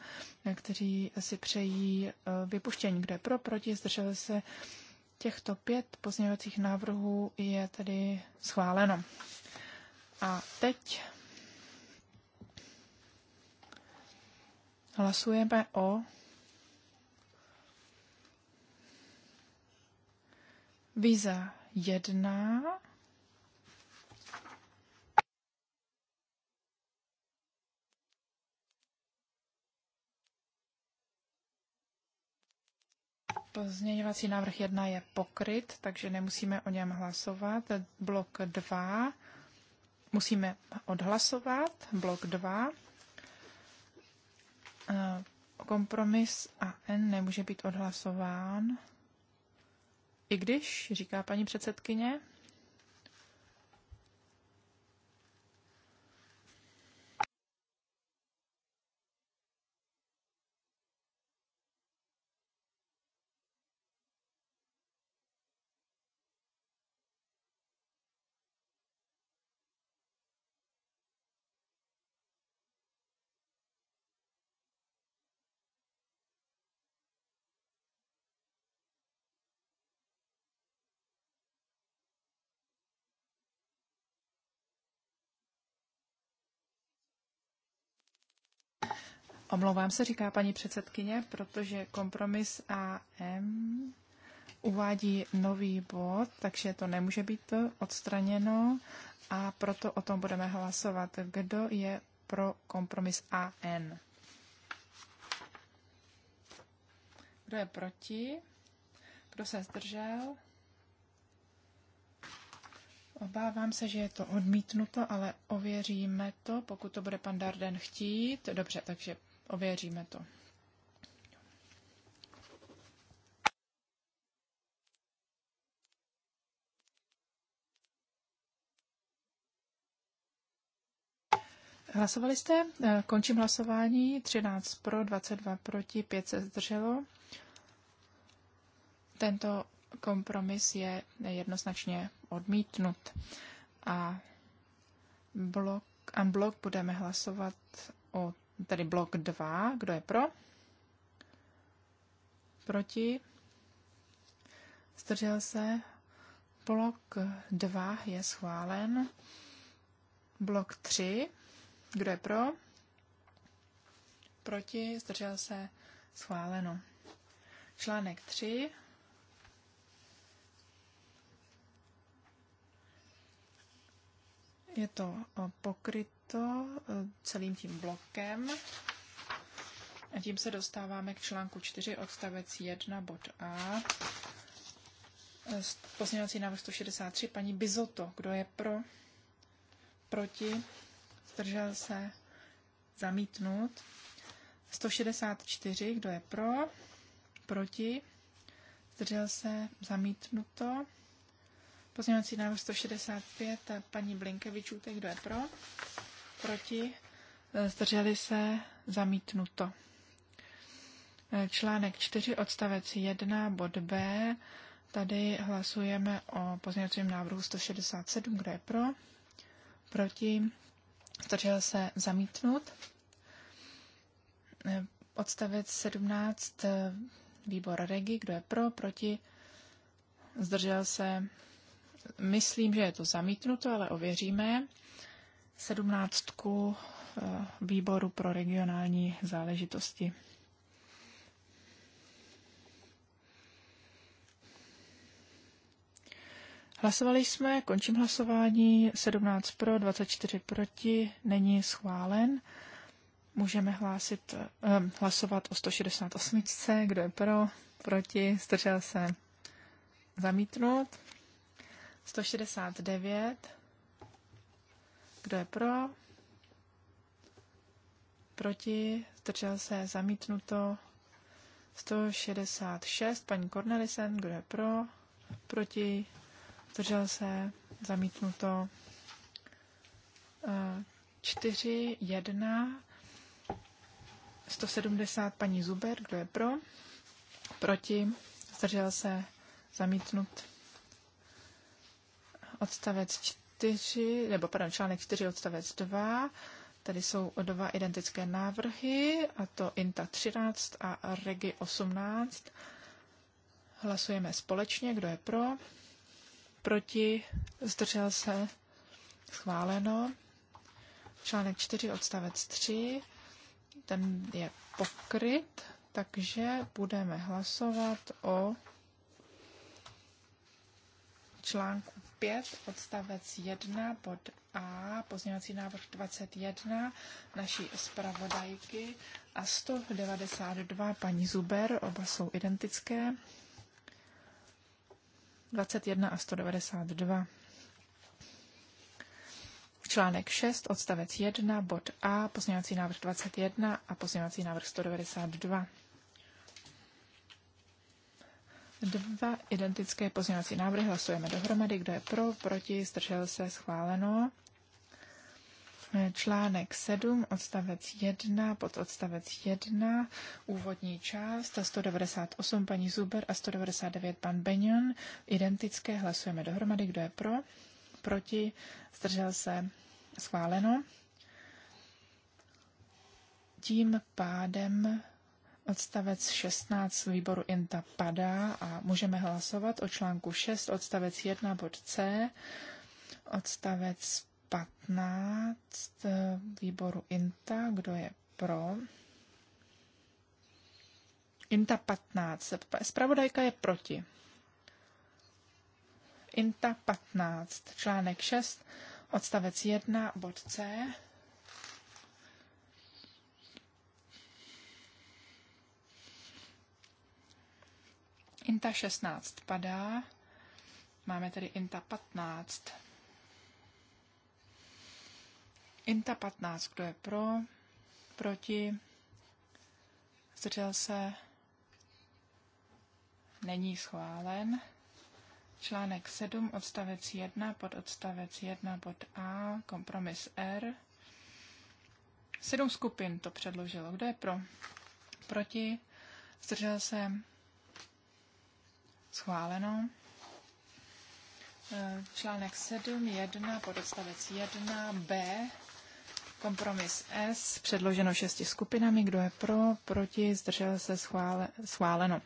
kteří si přejí eh, vypuštění, kde pro, proti, zdrželi se Těchto pět pozměňovacích návrhů je tedy schváleno. A teď hlasujeme o víza 1 Pozměňovací návrh 1 je pokryt, takže nemusíme o něm hlasovat. Blok 2 musíme odhlasovat. Blok 2. Eh, kompromis a N nemůže být odhlasován. I když, říká paní předsedkyně, Omlouvám se, říká paní předsedkyně, protože kompromis AM uvádí nový bod, takže to nemůže být odstraněno a proto o tom budeme hlasovat. Kdo je pro kompromis AN? Kdo je proti? Kdo se zdržel? Obávám se, že je to odmítnuto, ale ověříme to, pokud to bude pan Darden chtít. Dobře, takže Ověříme to. Hlasovali jste? Eh, končím hlasování. 13 pro, 22 proti, 5 se zdrželo. Tento kompromis je jednoznačně odmítnut. A blok, unblock budeme hlasovat o tedy blok 2, kdo je pro? Proti? Zdržel se? Blok 2 je schválen. Blok 3, kdo je pro? Proti? Zdržel se? Schváleno. Článek 3. Je to pokryt to eh, celým tím blokem. A tím se dostáváme k článku 4 odstavec 1 bod A. Eh, pozměňovací návrh 163, paní Bizoto, kdo je pro, proti, zdržel se, zamítnut. 164, kdo je pro, proti, zdržel se, zamítnuto. Pozměňovací návrh 165, eh, paní Blinkevičů, kdo je pro, proti, e, zdrželi se, zamítnuto. E, článek 4, odstavec 1, bod B. Tady hlasujeme o pozměňovacím návrhu 167, kde je pro, proti, zdržel se, zamítnut. E, odstavec 17, výbor Regi, kdo je pro, proti, zdržel se, myslím, že je to zamítnuto, ale ověříme sedmnáctku eh, výboru pro regionální záležitosti. Hlasovali jsme, končím hlasování, 17 pro, 24 proti, není schválen. Můžeme hlásit, eh, hlasovat o 168, kdo je pro, proti, zdržel se zamítnout. 169 kdo je pro? Proti? Zdržel se? Zamítnuto. 166. Paní Cornelisen. Kdo je pro? Proti? Zdržel se? Zamítnuto. 4, 1, 170 paní Zuber, kdo je pro, proti, zdržel se, zamítnut. Odstavec 4, nebo pardon, článek 4 odstavec 2. Tady jsou dva identické návrhy, a to INTA 13 a REGI 18. Hlasujeme společně, kdo je pro, proti, zdržel se, schváleno. Článek 4 odstavec 3, ten je pokryt, takže budeme hlasovat o článku 5, odstavec 1, bod A, pozměňovací návrh 21 naší zpravodajky a 192 paní Zuber, oba jsou identické. 21 a 192. Článek 6, odstavec 1, bod A, pozměňovací návrh 21 a pozměňovací návrh 192. Dva identické pozměňovací návrhy hlasujeme dohromady. Kdo je pro, proti, zdržel se, schváleno. Článek 7, odstavec 1, pod odstavec 1, úvodní část, 198 paní Zuber a 199 pan Benjon. Identické, hlasujeme dohromady, kdo je pro, proti, zdržel se, schváleno. Tím pádem Odstavec 16 výboru INTA padá a můžeme hlasovat o článku 6, odstavec 1 bod C, odstavec 15 eh, výboru INTA, kdo je pro. INTA 15. Spravodajka je proti. INTA 15, článek 6, odstavec 1, bod C. Inta 16 padá. Máme tady Inta 15. Inta 15, kdo je pro, proti, zdržel se, není schválen. Článek 7, odstavec 1, pod odstavec 1, pod A, kompromis R. Sedm skupin to předložilo. Kdo je pro? Proti, zdržel se, Schváleno. E, článek 7, 1, podstavec 1, B, kompromis S, předloženo šesti skupinami, kdo je pro, proti, zdržel se, schvále, schváleno.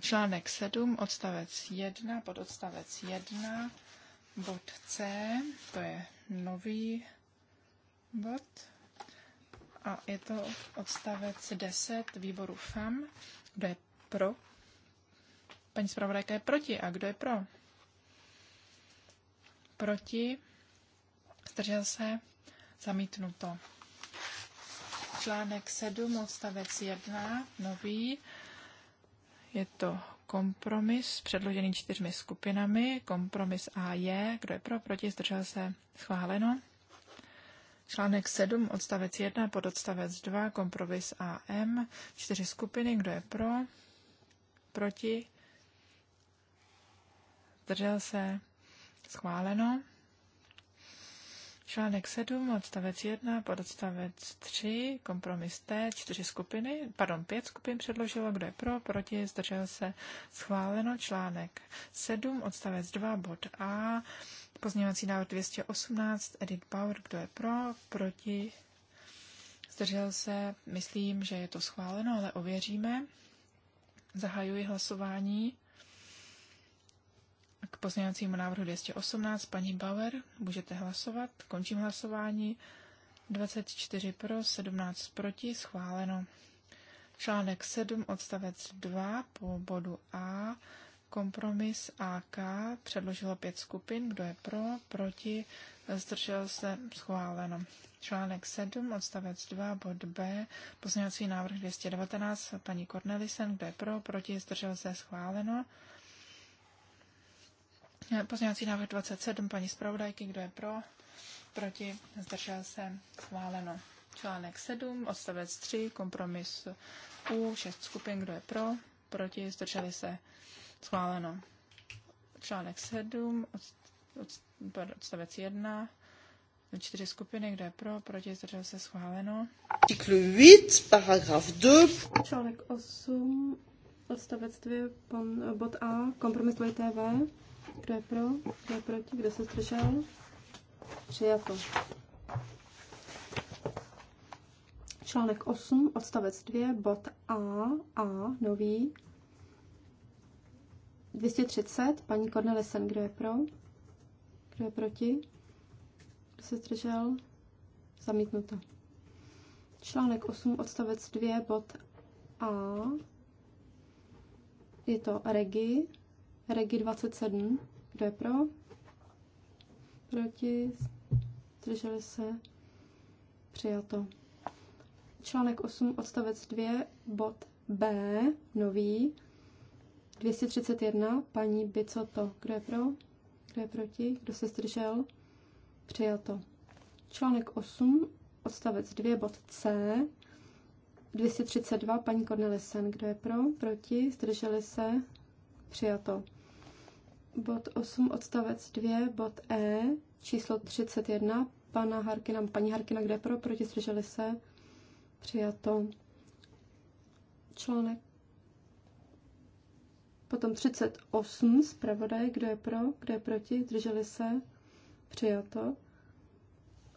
Článek 7, odstavec 1, pododstavec 1, bod C, to je nový bod a je to odstavec 10 výboru FAM. Kdo je pro? Paní zpravodajka je proti. A kdo je pro? Proti. Zdržel se. Zamítnuto. Článek 7, odstavec 1, nový. Je to kompromis předložený čtyřmi skupinami. Kompromis A je, kdo je pro, proti, zdržel se, schváleno. Článek 7, odstavec 1, pododstavec 2, kompromis AM, čtyři skupiny, kdo je pro, proti, zdržel se, schváleno. Článek 7, odstavec 1, pododstavec 3, kompromis T, čtyři skupiny, pardon, pět skupin předložilo, kdo je pro, proti, zdržel se, schváleno. Článek 7, odstavec 2, bod A, Pozměňovací návrh 218, Edith Bauer, kdo je pro, proti, zdržel se, myslím, že je to schváleno, ale ověříme. Zahajuji hlasování k pozměňovacímu návrhu 218, paní Bauer, můžete hlasovat, končím hlasování, 24 pro, 17 proti, schváleno. Článek 7, odstavec 2 po bodu A, Kompromis AK předložilo pět skupin, kdo je pro, proti, zdržel se, schváleno. Článek 7, odstavec 2, bod B, pozměňovací návrh 219, paní Cornelisen, kdo je pro, proti, zdržel se, schváleno. Pozměňovací návrh 27, paní zpravodajky, kdo je pro, proti, zdržel se, schváleno. Článek 7, odstavec 3, kompromis U, šest skupin, kdo je pro, proti, zdrželi se, Schváleno. Článek 7, od, odstavec 1, čtyři skupiny, kde je pro, proti, zdržel se, schváleno. Artikel 8, paragraf 2. Článek 8, odstavec 2, pon, bod A, kompromis 2 TV. Kdo je pro, kdo je proti, kdo se zdržel? Přijato. Článek 8, odstavec 2, bod A, A, nový, 230, paní Cornelisen, kdo je pro? Kdo je proti? Kdo se zdržel? Zamítnuto. Článek 8, odstavec 2, bod A. Je to Regi. Regi 27. Kdo je pro? Proti? Zdrželi se? Přijato. Článek 8, odstavec 2, bod B, nový. 231, paní Bicoto. Kdo je pro? Kdo je proti? Kdo se zdržel? Přijato. Článek 8, odstavec 2, bod C. 232, paní Cornelisen. Kdo je pro? Proti? Zdrželi se? Přijato. Bod 8, odstavec 2, bod E, číslo 31, pana Harkina, paní Harkina, kde pro, proti, zdrželi se, přijato. Článek Potom 38 zpravodaj, kdo je pro, kdo je proti, drželi se, přijato.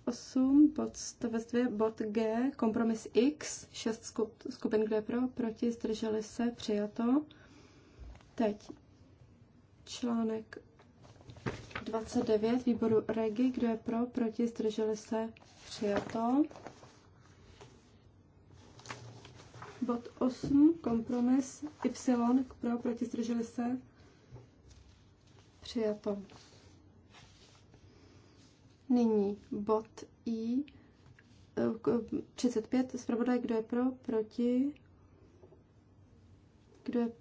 8, bod, dvě, bod G, kompromis X, 6 skupin, kdo je pro, proti, zdrželi se, přijato. Teď článek 29 výboru Regi, kdo je pro, proti, zdrželi se, přijato. Bod 8, kompromis Y, pro, proti, zdrželi se, přijato. Nyní bod I, 35, eh, zpravodaj, kdo je pro, proti, kdo je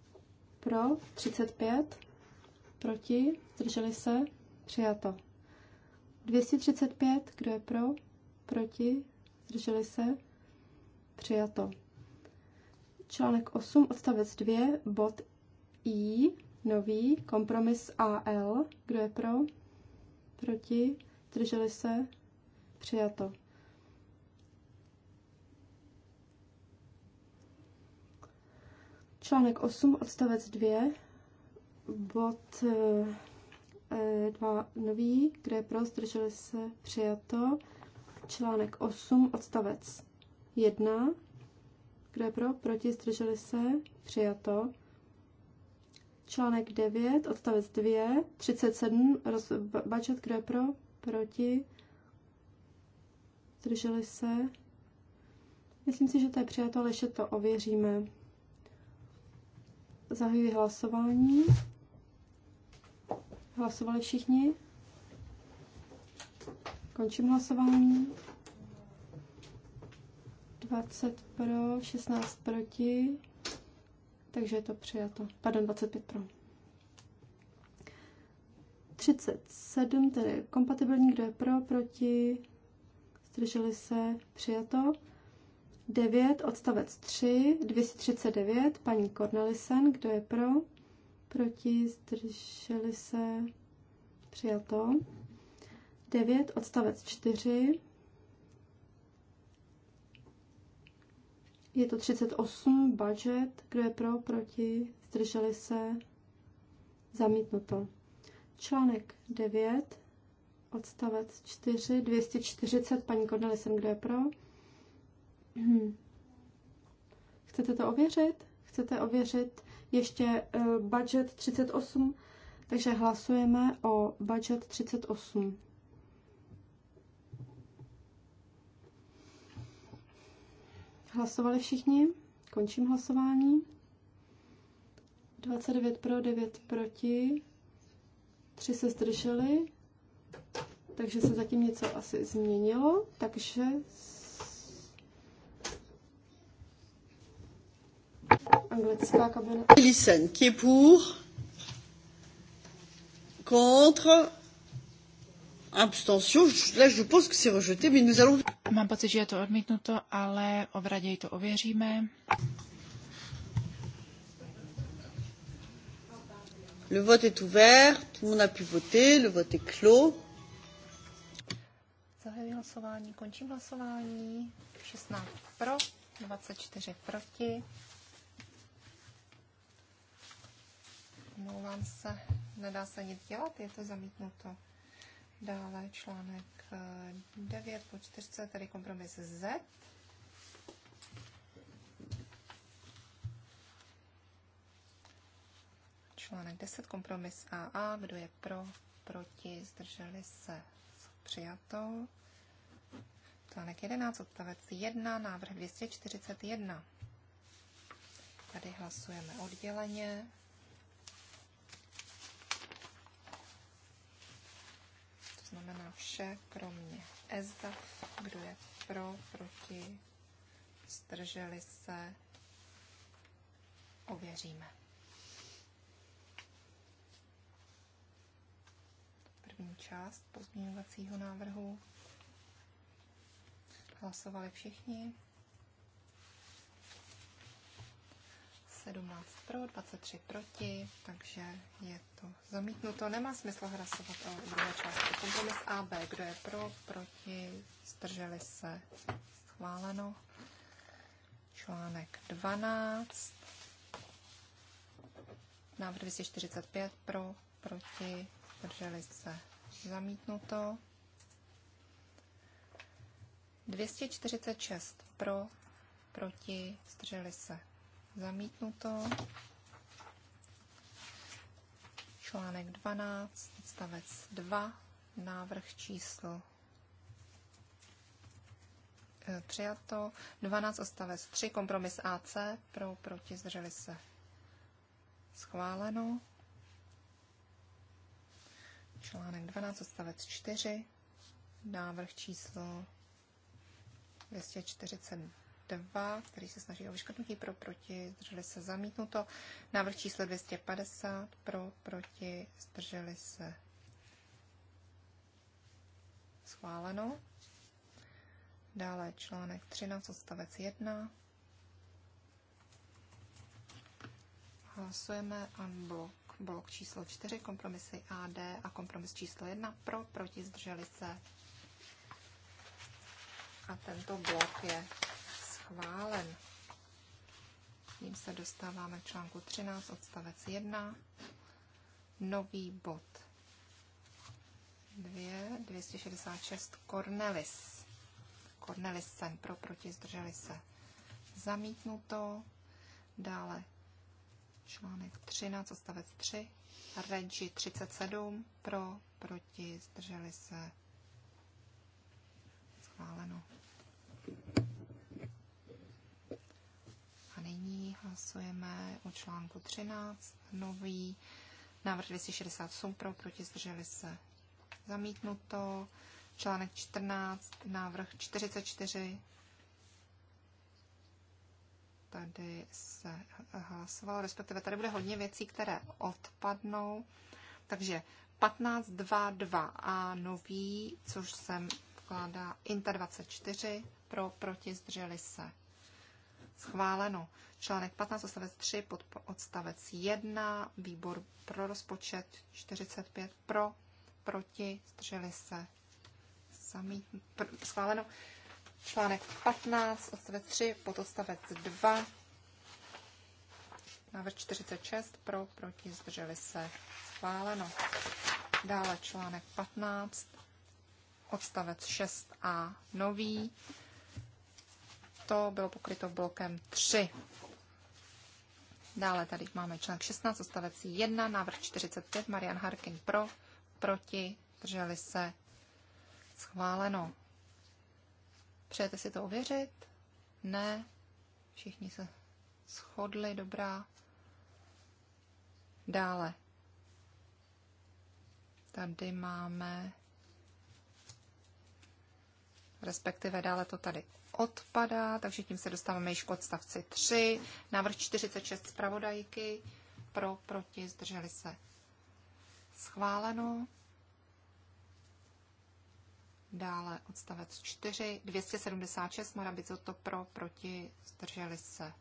pro, 35, proti, zdrželi se, přijato. 235, kdo je pro, proti, zdrželi se, přijato. Článek 8, odstavec 2, bod I, nový, kompromis AL. Kdo je pro? Proti? Drželi se? Přijato. Článek 8, odstavec 2, bod e, eh, 2, eh, nový, kde je pro, zdrželi se, přijato. Článek 8, odstavec 1, kdo je pro? Proti? Zdrželi se? Přijato. Článek 9, odstavec 2, 37, roz, budget, kdo je pro? Proti? Zdrželi se? Myslím si, že to je přijato, ale ještě to ověříme. Zahajuji hlasování. Hlasovali všichni? Končím hlasování. 20 pro, 16 proti, takže je to přijato. Pardon, 25 pro. 37, tedy kompatibilní, kdo je pro, proti, zdrželi se, přijato. 9, odstavec 3, 239, paní Cornelisen, kdo je pro, proti, zdrželi se, přijato. 9, odstavec 4, Je to 38, budget, kdo je pro, proti, zdrželi se, zamítnuto. Článek 9, odstavec 4, 240, paní Cornelisen, kdo je pro? Chcete to ověřit? Chcete ověřit ještě uh, budget 38? Takže hlasujeme o budget 38. Hlasovali všichni? Končím hlasování. 29 pro, 9 proti. 3 se zdrželi. Takže se zatím něco asi změnilo. Takže anglická kabina. Listen, qui pour? Contre? Abstention, là je pense que c'est rejeté, mais nous allons... Mám pocit, že je to odmítnuto, ale o to ověříme. Le vote est ouvert, tout le monde a pu voter, le vote est clos. Zahajuji hlasování, končím hlasování. 16 pro, 24 proti. Omlouvám se, nedá se nic dělat, je to zamítnuto. Dále článek 9 po 4, tady kompromis Z. Článek 10, kompromis AA, kdo je pro, proti, zdrželi se přijato. Článek 11, odstavec 1, návrh 241. Tady hlasujeme odděleně. znamená vše kromě ESDAF, kdo je pro, proti, zdrželi se, ověříme. První část pozměňovacího návrhu. Hlasovali všichni. 17 pro, 23 proti, takže je to zamítnuto. Nemá smysl hlasovat o druhé části. Kompromis AB, kdo je pro, proti, zdrželi se, schváleno. Článek 12, návrh 245 pro, proti, zdrželi se, zamítnuto. 246 pro, proti, zdrželi se, zamítnuto. Článek 12, odstavec 2, návrh číslo eh, přijato. 12 odstavec 3, kompromis AC, pro, proti, zdrželi se. Schváleno. Článek 12 odstavec 4, návrh číslo 240. 2, který se snaží o vyškrtnutí pro, proti, zdrželi se zamítnuto. Návrh číslo 250, pro, proti, zdrželi se schváleno. Dále článek 13, odstavec 1. Hlasujeme blok. blok číslo 4, kompromisy AD a kompromis číslo 1 pro, proti, zdrželi se. A tento blok je schválen. Tím se dostáváme k článku 13, odstavec 1, nový bod 2, 266 Cornelis. Cornelis sen pro, proti, zdrželi se. Zamítnuto. Dále článek 13, odstavec 3, Regi 37, pro, proti, zdrželi se. Schváleno. hlasujeme o článku 13, nový návrh 268 pro, proti zdrželi se zamítnuto. Článek 14, návrh 44. Tady se hlasovalo, respektive tady bude hodně věcí, které odpadnou. Takže 15.2.2a nový, což jsem vkládá INTA 24, pro, proti zdrželi se Schváleno. Článek 15, odstavec 3, pod odstavec 1, výbor pro rozpočet 45 pro, proti, zdrželi se. sami pr- schváleno. Článek 15, odstavec 3, pod odstavec 2, návrh 46 pro, proti, zdrželi se. Schváleno. Dále článek 15, odstavec 6a, nový to bylo pokryto blokem 3. Dále tady máme článek 16, odstavec 1, návrh 45, Marian Harkin pro, proti, drželi se, schváleno. Přejete si to ověřit? Ne. Všichni se shodli, dobrá. Dále. Tady máme respektive dále to tady odpadá, takže tím se dostáváme již k odstavci 3, návrh 46 zpravodajky, pro, proti, zdrželi se. Schváleno. Dále odstavec 4, 276, to pro, proti, zdrželi se.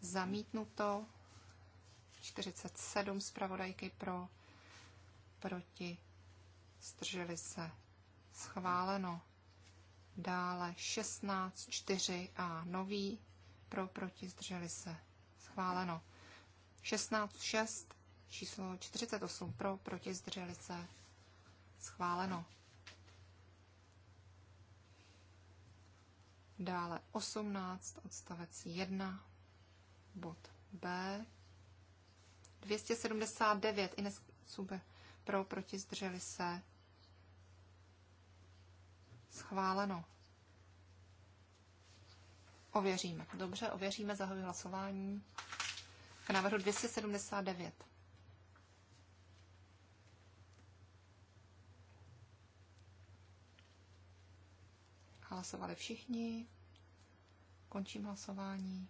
Zamítnuto. 47 zpravodajky pro, proti, zdrželi se. Schváleno dále 16, 4 a nový, pro, proti, zdrželi se, schváleno. 16, 6, číslo 48 pro, proti, zdrželi se, schváleno. Dále 18, odstavec 1, bod B. 279, Ines Sube, pro, proti, zdrželi se, Schváleno. Ověříme. Dobře, ověříme, zahajuji hlasování k návrhu 279. Hlasovali všichni. Končím hlasování.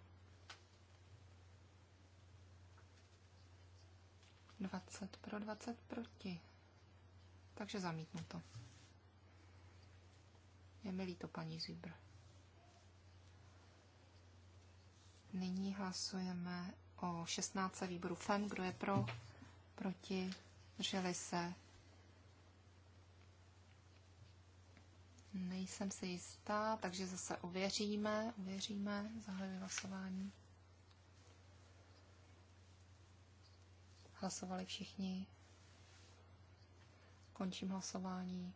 20 pro, 20 proti. Takže zamítnu to. Je mi líto, paní Zíbr. Nyní hlasujeme o 16. výboru FEM. Kdo je pro? Proti? Drželi se? Nejsem si jistá, takže zase ověříme. Ověříme. Zahajuji hlasování. Hlasovali všichni. Končím hlasování.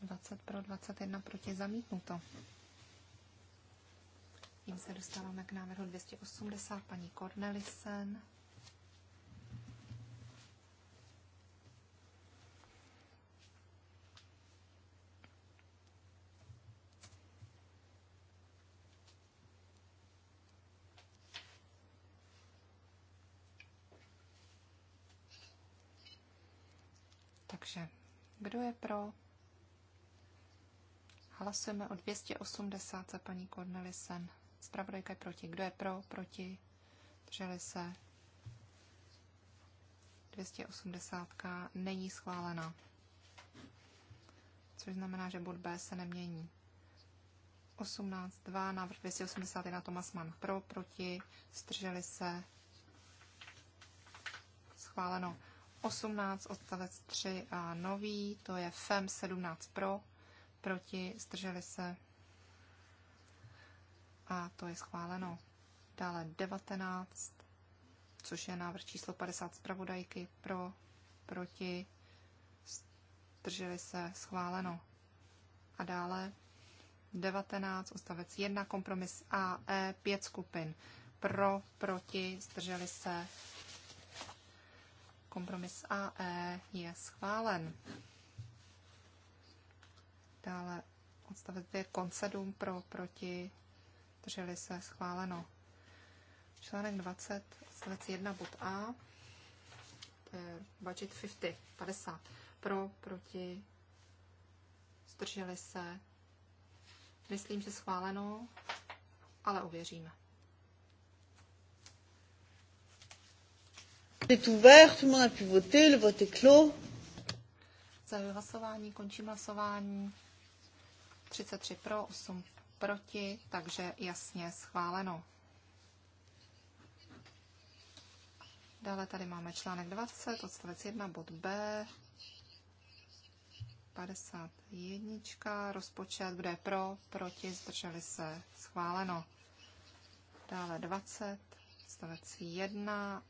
20 pro, 21 proti, zamítnuto. Tím se dostáváme k návrhu 280 paní Cornelisen. Takže kdo je pro? Hlasujeme o 280 za paní Cornelisen. Zpravodajka je proti. Kdo je pro? Proti. Drželi se. 280 není schválena. Což znamená, že bod B se nemění. 18.2, návrh 281 Tomas Mann pro, proti, zdrželi se, schváleno 18 odstavec 3 a nový, to je FEM 17 pro, proti, zdrželi se a to je schváleno. Dále 19, což je návrh číslo 50 zpravodajky pro, proti, zdrželi se, schváleno. A dále 19, odstavec 1, kompromis AE, 5 skupin pro, proti, zdrželi se. Kompromis AE je schválen. Dále odstavec 2 kon 7 pro, proti, drželi se, schváleno. Článek 20, odstavec 1 bod A, budget 50, 50 pro, proti, zdrželi se. Myslím, že schváleno, ale uvěříme. C'est ouvert, tout le monde a pu voter, le vote est clos. Zahajuji hlasování, končím hlasování. 33 pro, 8 proti, takže jasně schváleno. Dále tady máme článek 20, odstavec 1, bod B, 51, rozpočet, kde je pro, proti, zdrželi se, schváleno. Dále 20, odstavec 1,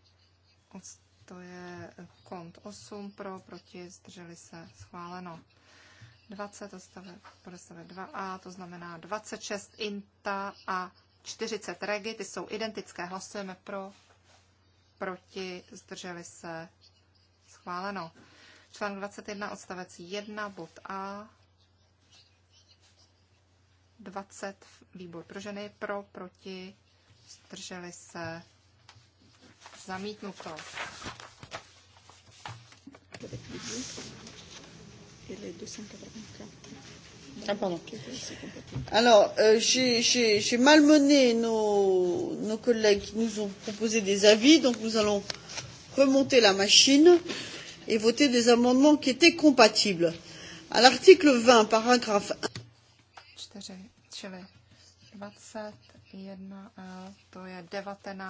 to je kont 8, pro, proti, zdrželi se, schváleno. 20 odstavec, odstavec 2a, to znamená 26 INTA a 40 REGI, ty jsou identické. Hlasujeme pro, proti, zdrželi se, schváleno. Článek 21 odstavec 1 bod A, 20 výbor pro ženy, pro, proti, zdrželi se, zamítnuto. Thank you. Ah, pardon. Euh, Alors, euh, j'ai malmené nos, nos collègues qui nous ont proposé des avis, donc nous allons remonter la machine et voter des amendements qui étaient compatibles. À l'article 20, paragraphe 1. 4, 21 to je 19,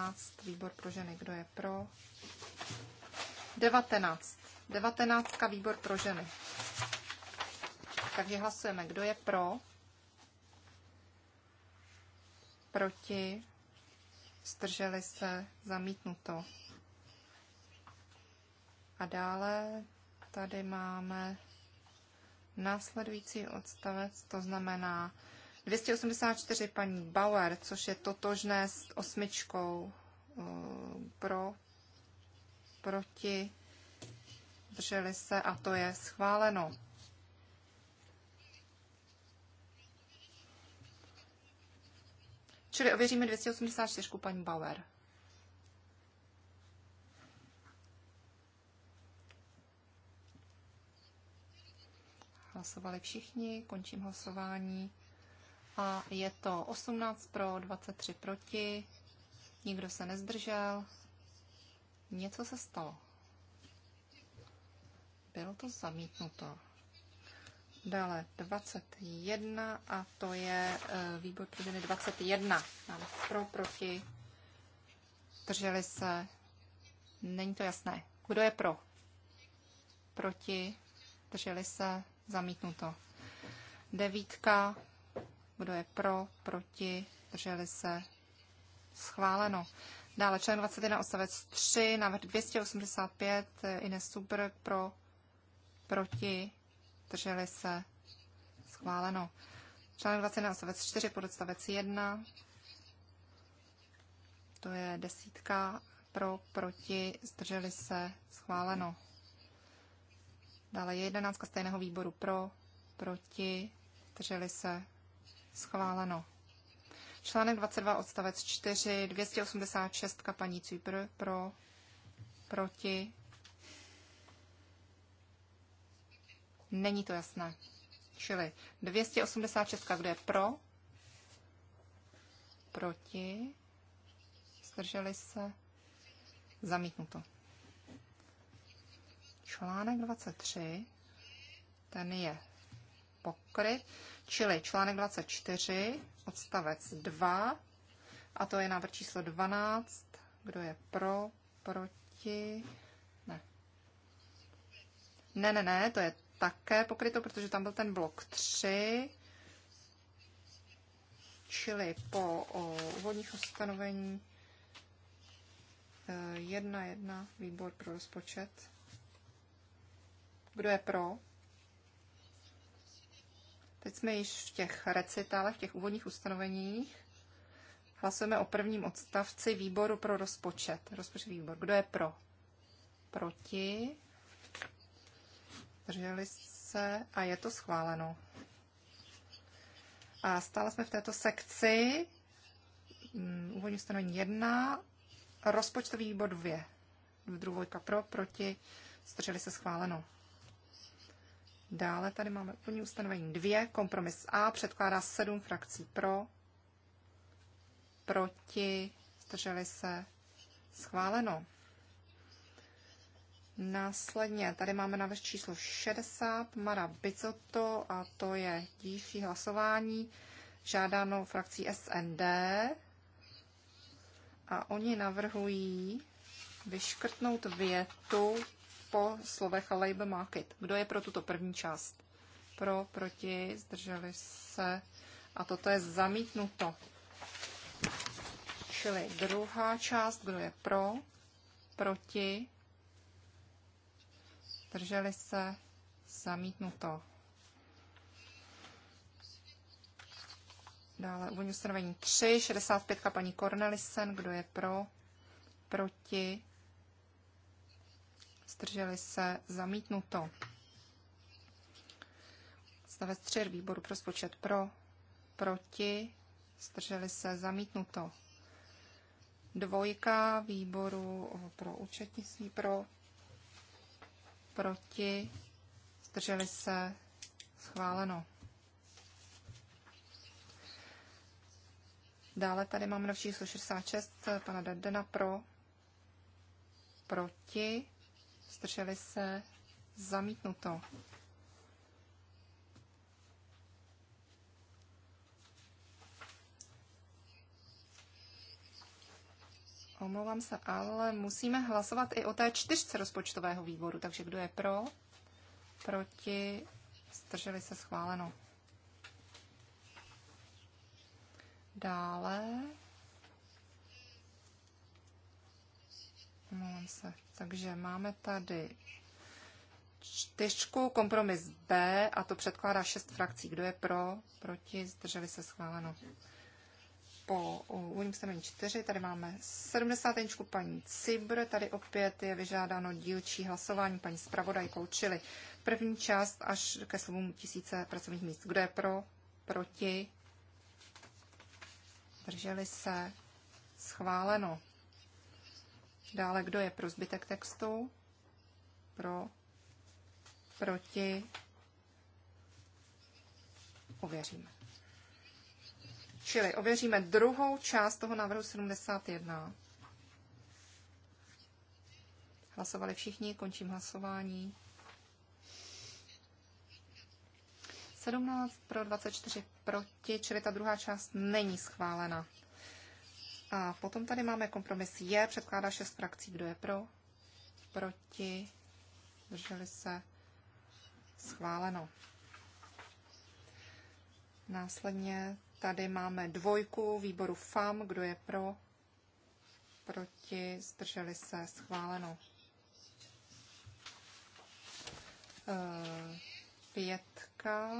výbor pro ženy, kdo je pro? 19. Devatenáctka výbor pro ženy. Takže hlasujeme, kdo je pro, proti, zdrželi se, zamítnuto. A dále tady máme následující odstavec, to znamená 284 paní Bauer, což je totožné s osmičkou eh, pro, proti, zdrželi se a to je schváleno. Čili ověříme 284 paní Bauer. Hlasovali všichni, končím hlasování. A je to 18 pro, 23 proti, nikdo se nezdržel, něco se stalo. Bylo to zamítnuto. Dále 21 a to je eh, výbor pro ženy 21. Tam pro, proti, drželi se. Není to jasné. Kdo je pro? Proti, drželi se, zamítnuto. Devítka, kdo je pro, proti, drželi se, schváleno. Dále člen 21 odstavec 3, návrh 285, eh, Ines Super pro, proti, drželi se, schváleno. Článek 21 odstavec 4 pod odstavec 1, to je desítka, pro, proti, zdrželi se, schváleno. Dále je jedenáctka stejného výboru pro, proti, zdrželi se, schváleno. Článek 22 odstavec 4, 286 paní Cípr pro, proti, Není to jasné. Čili 286, kdo je pro, proti, zdrželi se, zamítnuto. Článek 23, ten je pokryt, čili článek 24, odstavec 2, a to je návrh číslo 12, kdo je pro, proti, ne. Ne, ne, ne, to je také pokryto, protože tam byl ten blok 3, čili po o, úvodních ustanovení 1.1 eh, výbor pro rozpočet. Kdo je pro? Teď jsme již v těch recitálech, v těch úvodních ustanoveních. Hlasujeme o prvním odstavci výboru pro rozpočet. Rozpočet výbor. Kdo je pro? Proti? zdrželi se a je to schváleno. A stále jsme v této sekci mm, úvodní ustanovení 1, rozpočtový výbor 2. Dvojka pro, proti, zdrželi se schváleno. Dále tady máme úplní ustanovení 2, kompromis A, předkládá 7 frakcí pro, proti, zdrželi se schváleno. Následně tady máme návrh číslo 60 Mara Bicoto a to je dílčí hlasování žádáno frakcí SND a oni navrhují vyškrtnout větu po slovech labor market. Kdo je pro tuto první část? Pro, proti, zdrželi se a toto je zamítnuto. Čili druhá část, kdo je pro, proti, Drželi se? Zamítnuto. Dále úvodní ustanovení 3, 65 paní Cornelissen, kdo je pro, proti, zdrželi se, zamítnuto. Stavec 3 výboru pro spočet pro, proti, zdrželi se, zamítnuto. Dvojka výboru pro účetnictví pro, proti, zdrželi se, schváleno. Dále tady máme na číslo 66 pana Dardena pro, proti, zdrželi se, zamítnuto. Omlouvám se, ale musíme hlasovat i o té čtyřce rozpočtového výboru. Takže kdo je pro? Proti? Zdrželi se schváleno. Dále. Omlouvám se. Takže máme tady čtyřku, kompromis B a to předkládá šest frakcí. Kdo je pro? Proti? Zdrželi se schváleno po úvodním stavení 4. Tady máme 70. paní Cibr. Tady opět je vyžádáno dílčí hlasování paní zpravodajkou, čili první část až ke slovům tisíce pracovních míst. Kdo je pro? Proti? Drželi se? Schváleno. Dále, kdo je pro zbytek textu? Pro? Proti? Ověříme. Čili ověříme druhou část toho návrhu 71. Hlasovali všichni, končím hlasování. 17 pro 24 proti, čili ta druhá část není schválena. A potom tady máme kompromis je, předkládá šest frakcí, kdo je pro, proti, drželi se, schváleno. Následně Tady máme dvojku výboru FAM, kdo je pro, proti, zdrželi se, schváleno. E, pětka,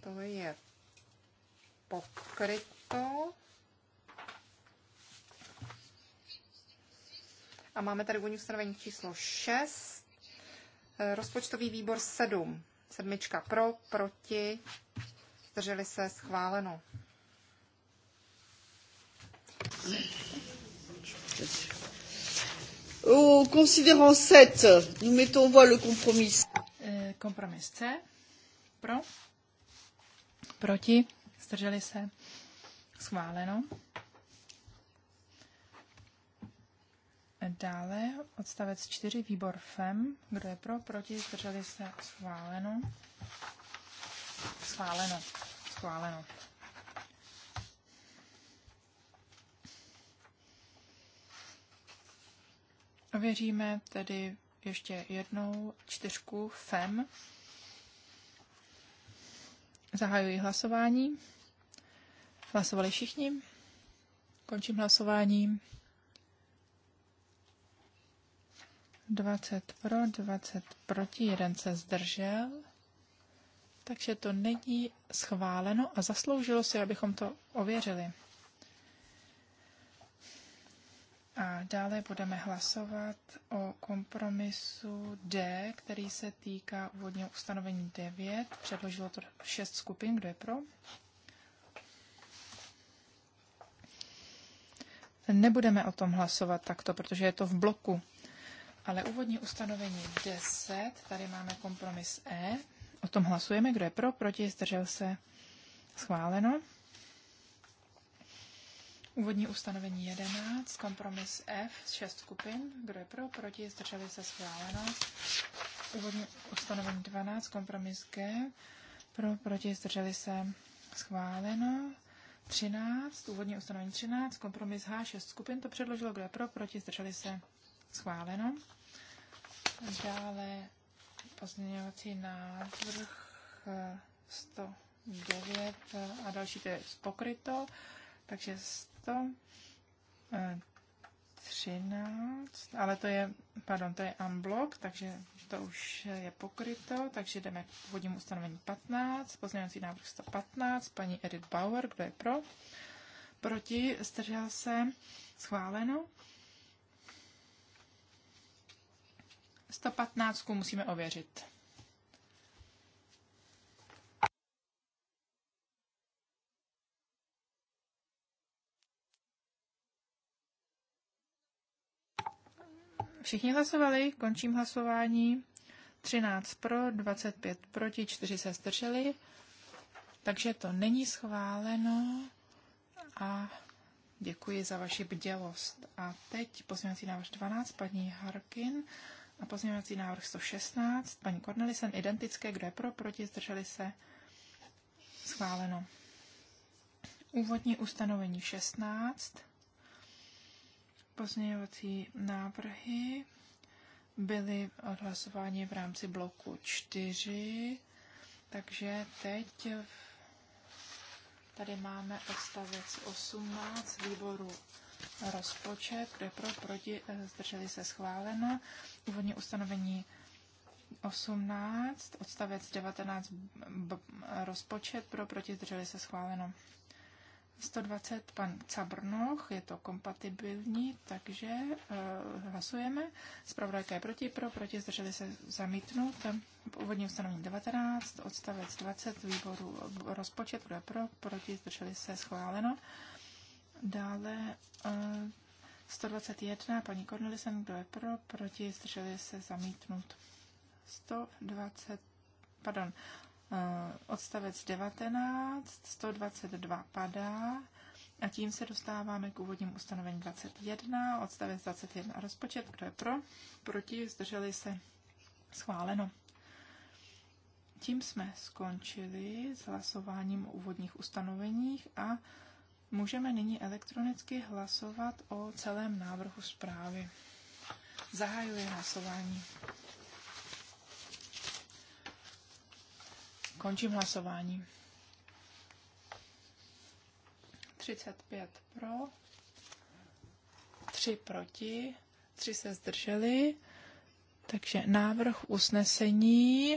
to je pokryto. A máme tady úvodní ustanovení číslo 6. E, rozpočtový výbor 7. Sedmička pro, proti, zdrželi se, schváleno. Au considérant 7, nous mettons en voie le compromis. Eh, kompromis C. Pro. Proti. Zdrželi se. Schváleno. Dále odstavec 4, výbor FEM. Kdo je pro? Proti. Zdrželi se. Schváleno. Schváleno. Schváleno. Ověříme tedy ještě jednou čtyřku FEM. Zahajuji hlasování. Hlasovali všichni. Končím hlasování. 20 pro, 20 proti, jeden se zdržel takže to není schváleno a zasloužilo si, abychom to ověřili. A dále budeme hlasovat o kompromisu D, který se týká úvodního ustanovení 9. Předložilo to 6 skupin, kdo je pro? Nebudeme o tom hlasovat takto, protože je to v bloku. Ale úvodní ustanovení 10, tady máme kompromis E, O tom hlasujeme, kdo je pro, proti, zdržel se, schváleno. Úvodní ustanovení 11, kompromis F z 6 skupin, kdo je pro, proti, zdrželi se, schváleno. Úvodní ustanovení 12, kompromis G, pro, proti, zdrželi se, schváleno. 13, úvodní ustanovení 13, kompromis H, 6 skupin, to předložilo, kdo je pro, proti, zdrželi se, schváleno. Dále pozměňovací návrh 109 eh, eh, a další to je pokryto, takže 113, eh, ale to je, pardon, to je unblock, takže to už je pokryto, takže jdeme k původnímu ustanovení 15, pozměňovací návrh 115, paní Edith Bauer, kdo je pro? Proti, zdržel se, schváleno. 115 musíme ověřit. Všichni hlasovali, končím hlasování. 13 pro, 25 proti, 4 se zdrželi. Takže to není schváleno a děkuji za vaši bdělost. A teď poslanecí návrh 12, paní Harkin. A pozměňovací návrh 116, paní Cornelisen, identické, kdo je pro, proti, zdrželi se, schváleno. Úvodní ustanovení 16, pozměňovací návrhy byly odhlasovány v rámci bloku 4, takže teď tady máme odstavec 18 výboru rozpočet, kde pro, proti, eh, zdrželi se schváleno. Úvodní ustanovení 18, odstavec 19, b, rozpočet pro, proti, zdrželi se schváleno. 120 pan Cabrnoch, je to kompatibilní, takže uh, hlasujeme. Zpravodajka je proti, pro, proti, zdrželi se zamítnout. Původní ustanovení 19, odstavec 20 výboru eh, rozpočet, kdo je pro, proti, zdrželi se schváleno. Dále 121, eh, paní Cornelisen, kdo je pro, proti, zdrželi se zamítnut. 120, pardon, eh, odstavec 19, 122 padá a tím se dostáváme k úvodním ustanovení 21, odstavec 21 a rozpočet, kdo je pro, proti, zdrželi se schváleno. Tím jsme skončili s hlasováním o úvodních ustanoveních a Můžeme nyní elektronicky hlasovat o celém návrhu zprávy. Zahajuji hlasování. Končím hlasování. 35 pro, 3 proti, 3 se zdrželi. Takže návrh usnesení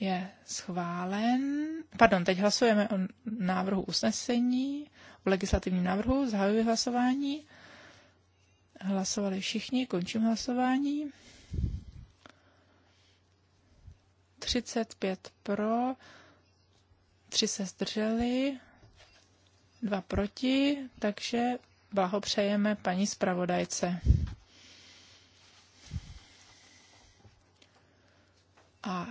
je schválen. Pardon, teď hlasujeme o návrhu usnesení, o legislativním návrhu, zahajuji hlasování. Hlasovali všichni, končím hlasování. 35 pro, 3 se zdrželi, 2 proti, takže blahopřejeme paní zpravodajce. A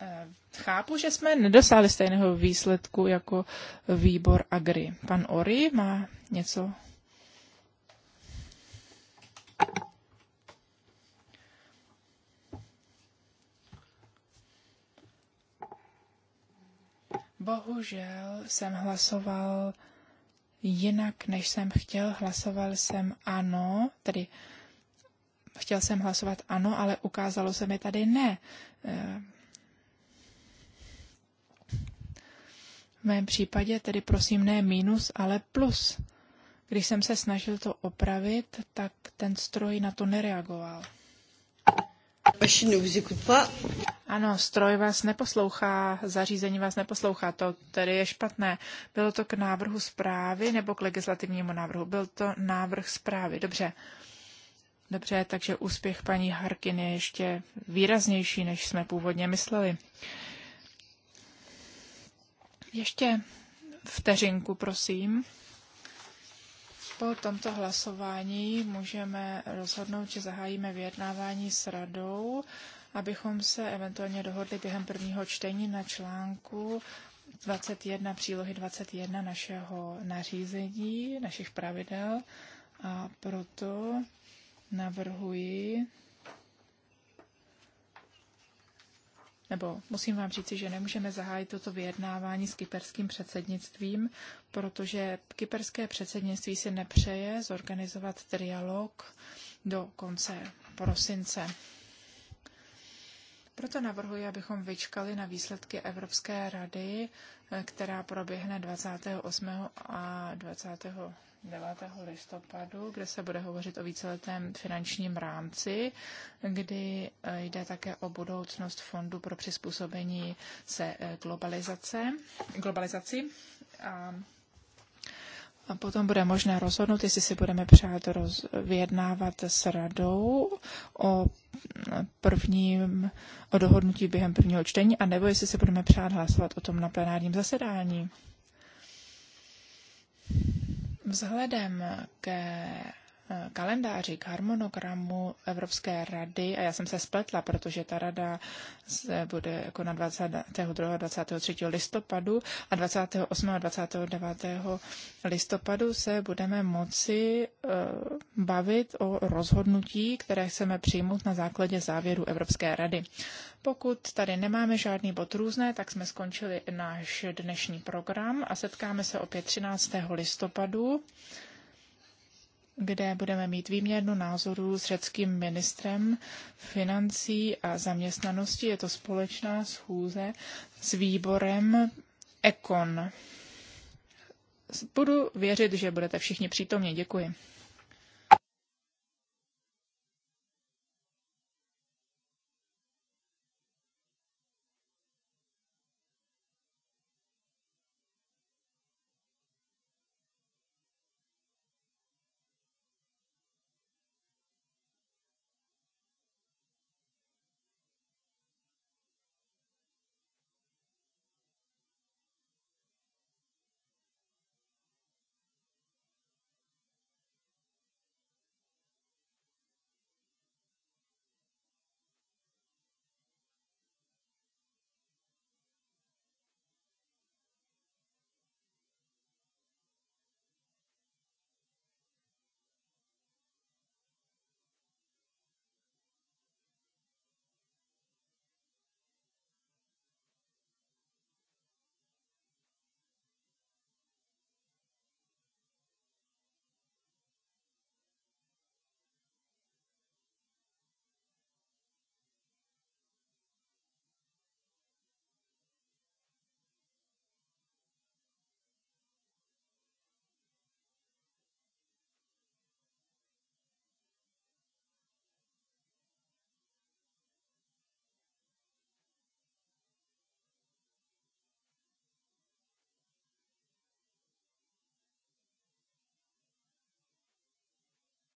Eh, chápu, že jsme nedosáhli stejného výsledku jako výbor Agri. Pan Ori má něco? Bohužel jsem hlasoval jinak, než jsem chtěl. Hlasoval jsem ano, tedy chtěl jsem hlasovat ano, ale ukázalo se mi tady ne. Eh, mém případě tedy prosím ne minus, ale plus. Když jsem se snažil to opravit, tak ten stroj na to nereagoval. Ano, stroj vás neposlouchá, zařízení vás neposlouchá, to tedy je špatné. Bylo to k návrhu zprávy nebo k legislativnímu návrhu? Byl to návrh zprávy, dobře. Dobře, takže úspěch paní Harkin je ještě výraznější, než jsme původně mysleli. Ještě vteřinku, prosím. Po tomto hlasování můžeme rozhodnout, že zahájíme vyjednávání s radou, abychom se eventuálně dohodli během prvního čtení na článku 21, přílohy 21 našeho nařízení, našich pravidel. A proto navrhuji nebo musím vám říci, že nemůžeme zahájit toto vyjednávání s kyperským předsednictvím, protože kyperské předsednictví si nepřeje zorganizovat trialog do konce prosince. Proto navrhuji, abychom vyčkali na výsledky Evropské rady, eh, která proběhne 28. a 29. 9. listopadu, kde se bude hovořit o víceletém finančním rámci, kdy eh, jde také o budoucnost Fondu pro přizpůsobení se eh, globalizace, globalizaci. A a potom bude možné rozhodnout, jestli si budeme přát roz, vyjednávat s radou o eh, prvním, o dohodnutí během prvního čtení, anebo jestli si budeme přát hlasovat o tom na plenárním zasedání. Vzhledem ke kalendáři, k harmonogramu Evropské rady, a já jsem se spletla, protože ta rada se bude jako na 22. a 23. listopadu a 28. a 29. listopadu se budeme moci eh, bavit o rozhodnutí, které chceme přijmout na základě závěru Evropské rady. Pokud tady nemáme žádný bod různé, tak jsme skončili náš dnešní program a setkáme se opět 13. listopadu kde budeme mít výměnu názorů s řeckým ministrem financí a zaměstnanosti. Je to společná schůze s výborem Econ. Budu věřit, že budete všichni přítomně. Děkuji.